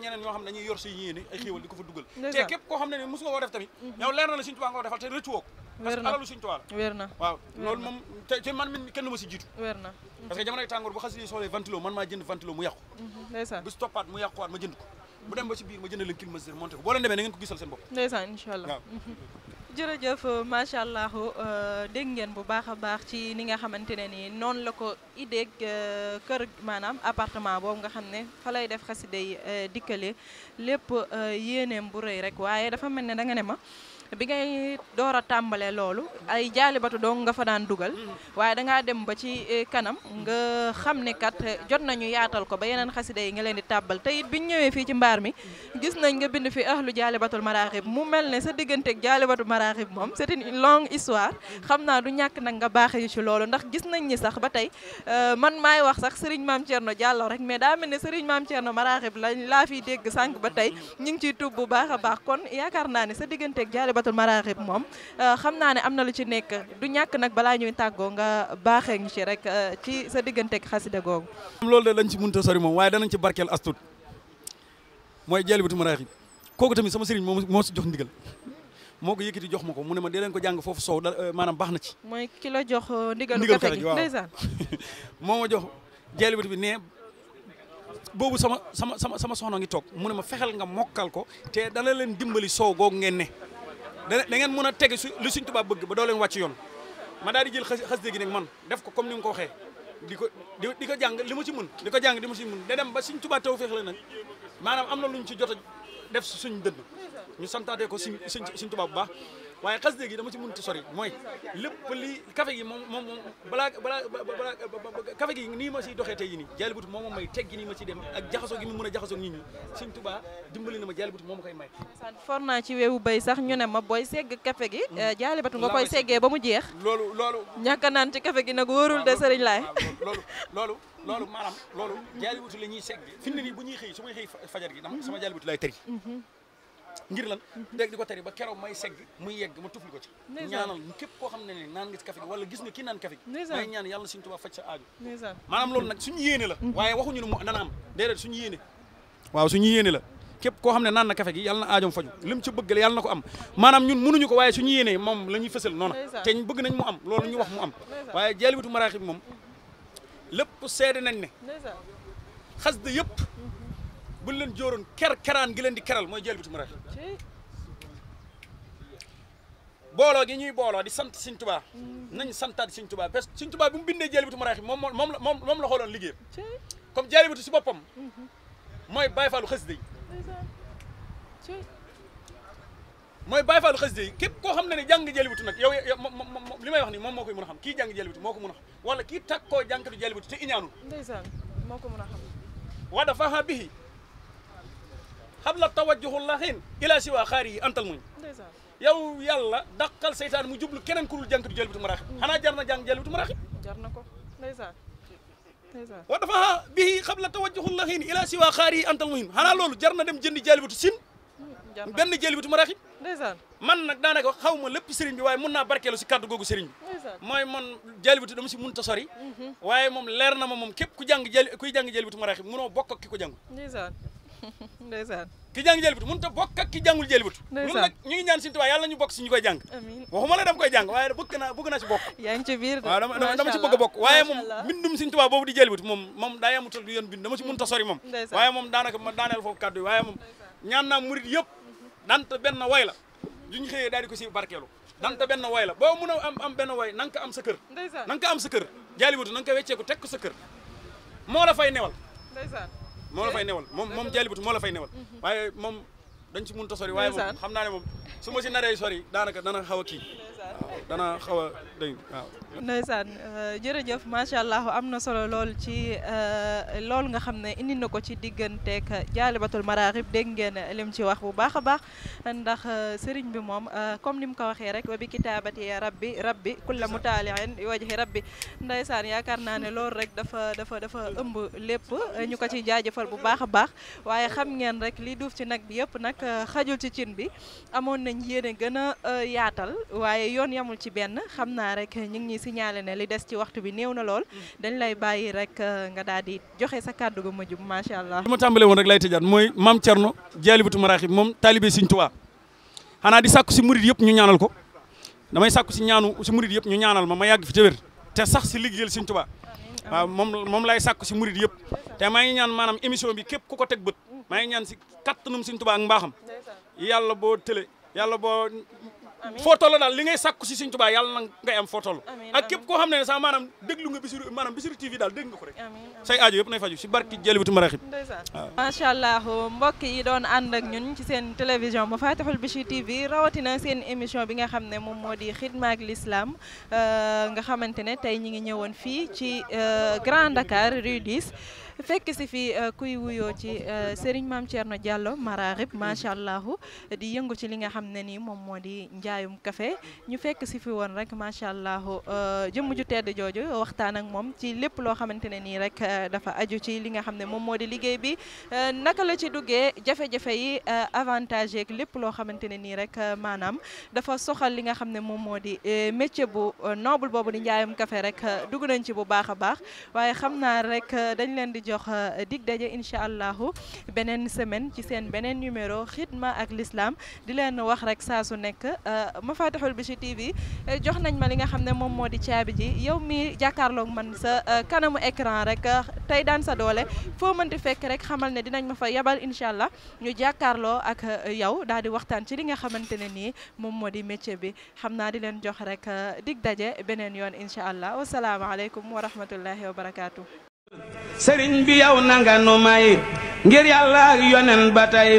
ne dañuy yor si yéene ko fa dugal te képp koo xam ne ne mosu nga def tamit mhm. yow leer na la suñu tubaab nga ko defal te rëccu woo parce que alalu suñu tubaab la wér na moom te man mi kenn du ma si jiitu wér na parce que jamonoy tàngoor bu xasee soxlee ventilo man maa jënd ventilo mu yàqu mhm, ndeysaan bis toppaat mu yàquwaat ma jënd ko bu dem ba ci biir ma jënd leen climatiseur monté ko boo leen demee na ngeen ko gisal seen bopp jërëjëf euh, macha allah euh, dégg ngeen bu baax a baax ci ni nga xamante ne nii noonu la ko idée euh, kër maanaam appartement boobu nga xam ne fa lay def xasida yi dikkale lépp yéeneem bu rek waaye dafa mel ne da nga ne ma bi ngay door a tàmbalee loolu ay jaalibatu doo nga fa daan dugal mm. waaye dangaa dem ba ci eh, kanam nga xam ne kat eh, jot nañu yaatal ko ba yeneen xasida yi nga leen di tàbbal te it biñ ñëwee fi ci mbaar mi gis nañ nga bind fi ahlu jaalibatul maraaxib mu mel ne sa digganteeg jaalibatul maraaxib moom c'est une longue histoire xam naa du ñàkk nag nga baaxee ci loolu ndax gis nañ ñi sax ba tey eh, man maay wax sax sëriñ Maam Thierno Diallo rek mais daa mel ne Serigne Maam Thierno maraaxib lañ laa fiy dégg sànq ba tey ñu ngi ciy tub bu baax a baax kon yaakaar naa ne sa digganteeg jaalibatul Jàlbatul Maraxib moom euh, xam naa ne am na lu ci nekk du ñàkk nag balaa ñuy tàggoo nga baaxee ñu ci rek euh, ci sa digganteeg xasida googu. loolu de lañ ci mënut a sori moom waaye danañ ci barkeel as tuut mooy Jàlbatul Maraxib kooku tamit sama sëriñ moo moo si jox ndigal. moo ko yëkkati jox ma ko mun ne ma dee leen ko jàng foofu soow euh, maanaam baax na ci. mooy ki la jox ndigalu café gi ndeysaan moo ma jox Jàlbatul bi ne boobu sama sama sama sama soxna ngi toog mun ne ma fexeel nga mokkal ko te dana leen dimbali soow googu ngeen ne. da ngeen mën a teg su li suñ tubaab bëgg ba doo leen wàcc yoon ma daal di jël xasida gi nag man def ko comme ni ko waxee di ko di ko jàng li ma ci mun di ko jàng di ma ci mun da dem ba suñ tubaab taw féex la nag maanaam am na luñ ci jot a def suñ dënn ñu santaatee ko suñ suñ tubaab bu baax waaye xasida gi dama ci mënut a sori mooy lépp li café gi moom moom moom balaa balaa balaa café gi nii ma siy doxee tey yi nii jaalibutu moom moom may gi nii ma siy dem ak jaxasoo gi mu mën a jaxasoo nit ñi Sëñ Tuubaa dimbali na ma jaalibutu moom koy may for naa ci weewu bay sax ñu ne ma booy segg café gi mm. eh, jaalibatu nga koy seggee ba mu jeex loolu loolu ñàkk naan ci café gi nag wóorul de sëriñ laay loolu loolu loolu maanaam loolu jaalibutu la ñuy segg fi mu bu ñuy xëy su may xëy fajar gi dama sama jaalibutu lay tëri mm-hmm. ngir lan dégg di ko tari ba keroog may segg muy yegg ma tufli ko ci ñaanal képp koo xam ne ne naan nga ci café gi wala gis nga kii naan café gi may ñaan yàlla suñu tubaab waaye waxuñu ne mu dana am déedéet suñu yéene waaw suñu yéene la képp koo xam ne naan na café gi yàlla na aajom faju lim ci bëgg la yàlla na ko am maanaam ñun mënuñu ko waaye suñu yéene moom la ñuy fësal noonu te ñu bëgg nañ mu am loolu ñu wax mu am waaye jaalibitu maraaxib moom lépp buñ leen jóoroon ker keraan gi leen di keral mooy jël bitu mu ret booloo gi ñuy booloo di sant Sëñ Tuubaa nañ santaat Sëñ Tuubaa parce que Sëñ Tuubaa bu mu bindee jël bitu mu ret moom moom moom moom la xooloon liggéey comme jël bitu si boppam mooy Baay Faalu xasida yi mooy Baay Faalu xasida yi képp koo xam ne ne jàng jël bitu nag yow li may wax ni moom moo koy mën a xam kii jàng jël bitu moo ko mën a xam wala kii tàkkoo jànkatu jël bitu te iñaanul ndeysaan moo ko mën a bihi xabla tawajjuhu lahin ila siwa xaari yi antal muñ yow yàlla daqal seytaan mu jublu keneen ku dul jànkatu jëlbitu maraaxib mm. xanaa jar na jàng jëlbitu maraaxib jar na ko ndeysaan ndeysaan wa dafa bii xabla tawajjuhu lahin ila siwa xaari yi antal muhim xanaa loolu jar na dem jëndi jëlbitu sin mm, benn jëlbitu maraaxib ndeysaan man nag daanaka xaw ma lépp sëriñ bi waaye mun naa barkeelu si kàddu googu serin bi mooy man jëlbitu dama si mun ta sori mm-hmm. waaye moom leer na ma moom képp ku jàng jël kuy jàng jëlbitu maraaxib munoo bokk ak ki ko jàng ndeysaan ndeysaan ki jàng jëlbatu mënut a bokk ki jàngul jëlbatu ñun nag ñu ngi ñaan suñu tubaab yàlla ñu bokk si koy jàng amiin waxuma la koy jàng waaye bëgg naa si bokk yaa ngi ci biir waaw dama dama a bokk waaye moom mbindum suñu tubaab boobu di jëlbatu moom moom a sori moom waaye moom daanaka ma daaneel foofu kàddu yi waaye moom ñaan naa murit yëpp danta benn way la juñ xëyee daal di ko si barkeelu danta benn way boo mun a am am benn way nanga ko am sa kër nanga ko am sa kër jëlbatu nanga ko wecceeku teg ko sa moo la fay newal ndeysaan moo la fay newal moom moom jaalibatu moo la fay newal mhm. waaye moom dañ ci munta a sori waaye moom xam naa ne moom su ma si naree sori daanaka dana xaw a kii dana xaw a dëñ ndeysaan euh, jërëjëf macha allah am na solo lool ci euh, loolu nga xam ne indi na ko ci digganteeg jaalibatul maraaxib dégg ngeen lim ci wax bu baax a baax ndax euh, sëriñ bi moom comme ni mu ko waxee rek wa bi kitaabati rabbi rabbi kulla mutaaliin wajhi rabbi ndeysaan yaakaar naa ne loolu rek dafa dafa dafa ëmb lépp ñu ko ci jaajëfal bu baax a baax waaye xam ngeen rek li duuf ci nag bi yëpp nag xajul ci cin bi amoon nañ yéene gën a yaatal waaye yoon yamul ci benn xam signalé ne li des ci waxtu bi néew na lool dañ lay bàyyi rek euh, nga daal joxe sa kàddu gu mujj macha allah. ma tàmbalee woon rek lay tëjaat mooy maam Thierno Jaalibatu Maraaxib moom taalibe si murid yëpp ñu ñaanal ko damay sàkku si ñaanu si murid ñu ñaanal ma ma yàgg fi te wér te sax si liggéeyal Sëriñ Tuubaa moom moom lay sàkku si murid yëpp te maa ngi ñaan maanaam émission bi képp ku ko teg bët maa ngi ñaan si kattanum Sëriñ Tuubaa ak mbaaxam yàlla boo tële yàlla boo foo toll daal li ngay sàkku si Sëñ Tuubaa yàlla na ngay am foo toll ak képp koo xam ne ne sax maanaam déglu nga Bichri maanaam Bichri TV daal dégg nga ko rek say aajo yëpp nay faju si barki jëlibatu maraxib waaw macha allah mbokk yi doon ànd ak ñun ci seen télévision ba Fatihul Bichri TV rawatina seen émission bi nga xam ne moom moo di xidma ak l'islam euh, nga xamante ne tey ñi ngi ñëwoon fii ci euh, Grand Dakar rue 10 fekk si fi euh, kuy wuyoo ci euh, Serigne Mame Thierno Diallo Maraarib macha allah di yëngu ci li nga xam ne nii moom moo di njaayum kafe ñu fekk si fi woon rek macha allah euh, jëmm ju tedd jooju waxtaan ak moom ci lépp loo xamante ne nii rek dafa aju ci li nga xam ne moom moo di liggéey bi naka la ci duggee jafe-jafe yi avantage yeeg lépp loo xamante ne nii rek maanaam dafa soxal li nga xam ne moom moo di métier bu noble boobu di njaayum kafe rek dugg nañ ci bu baax a baax jox euh, dig daje incha allahu beneen semaine ci seen beneen numéro xidma ak l'islam di leen wax rek saa su nekk euh, Mafatihul Bichri TV euh, jox nañ ma li nga xam ne moom moo di caabi ji yow mi jàkkaarloog man sa kanamu écran rek tey daan sa doole foo di fekk rek xamal ne dinañ ma fa yebal incha allah ñu jàkkaarloo ak yow daal di waxtaan ci li nga xamante ne nii moom moo di métier bi xam naa di leen jox rek dig daje beneen yoon incha allah wasalaamaaleykum wa rahmatullahi wa sëriñ bi yow nanga nu may ngir yàlla ak yonen ba tey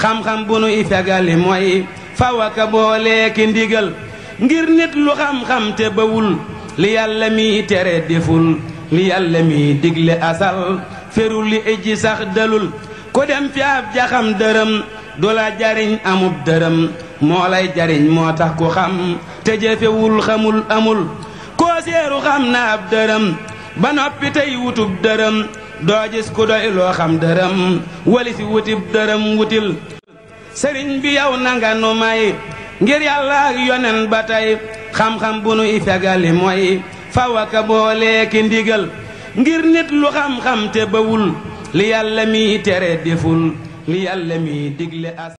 xam-xam bu nu ifegali mooy fawaka booleeki ndigal ngir nit lu xam-xam te bawul li yàlla mi tere deful li yàlla mi digle asal ferul li ijji sax dalul ku dem fi ab jaxam dërëm du la jariñ amub dërëm moo lay jariñ moo tax ku xam te jëfewul xamul amul koo seeru xam na ab dërëm ba noppi tey wutub dërëm doo gis ku doy loo xam dërëm wali si wutib dërëm wutil sëriñ bi yow nanga nu may ngir yàlla ak yonen ba tey xam-xam bu nu fegali mooy fawaka boolee ki ndigal ngir nit lu xam-xam te bawul li yàlla mi tere deful li yàlla mi digle as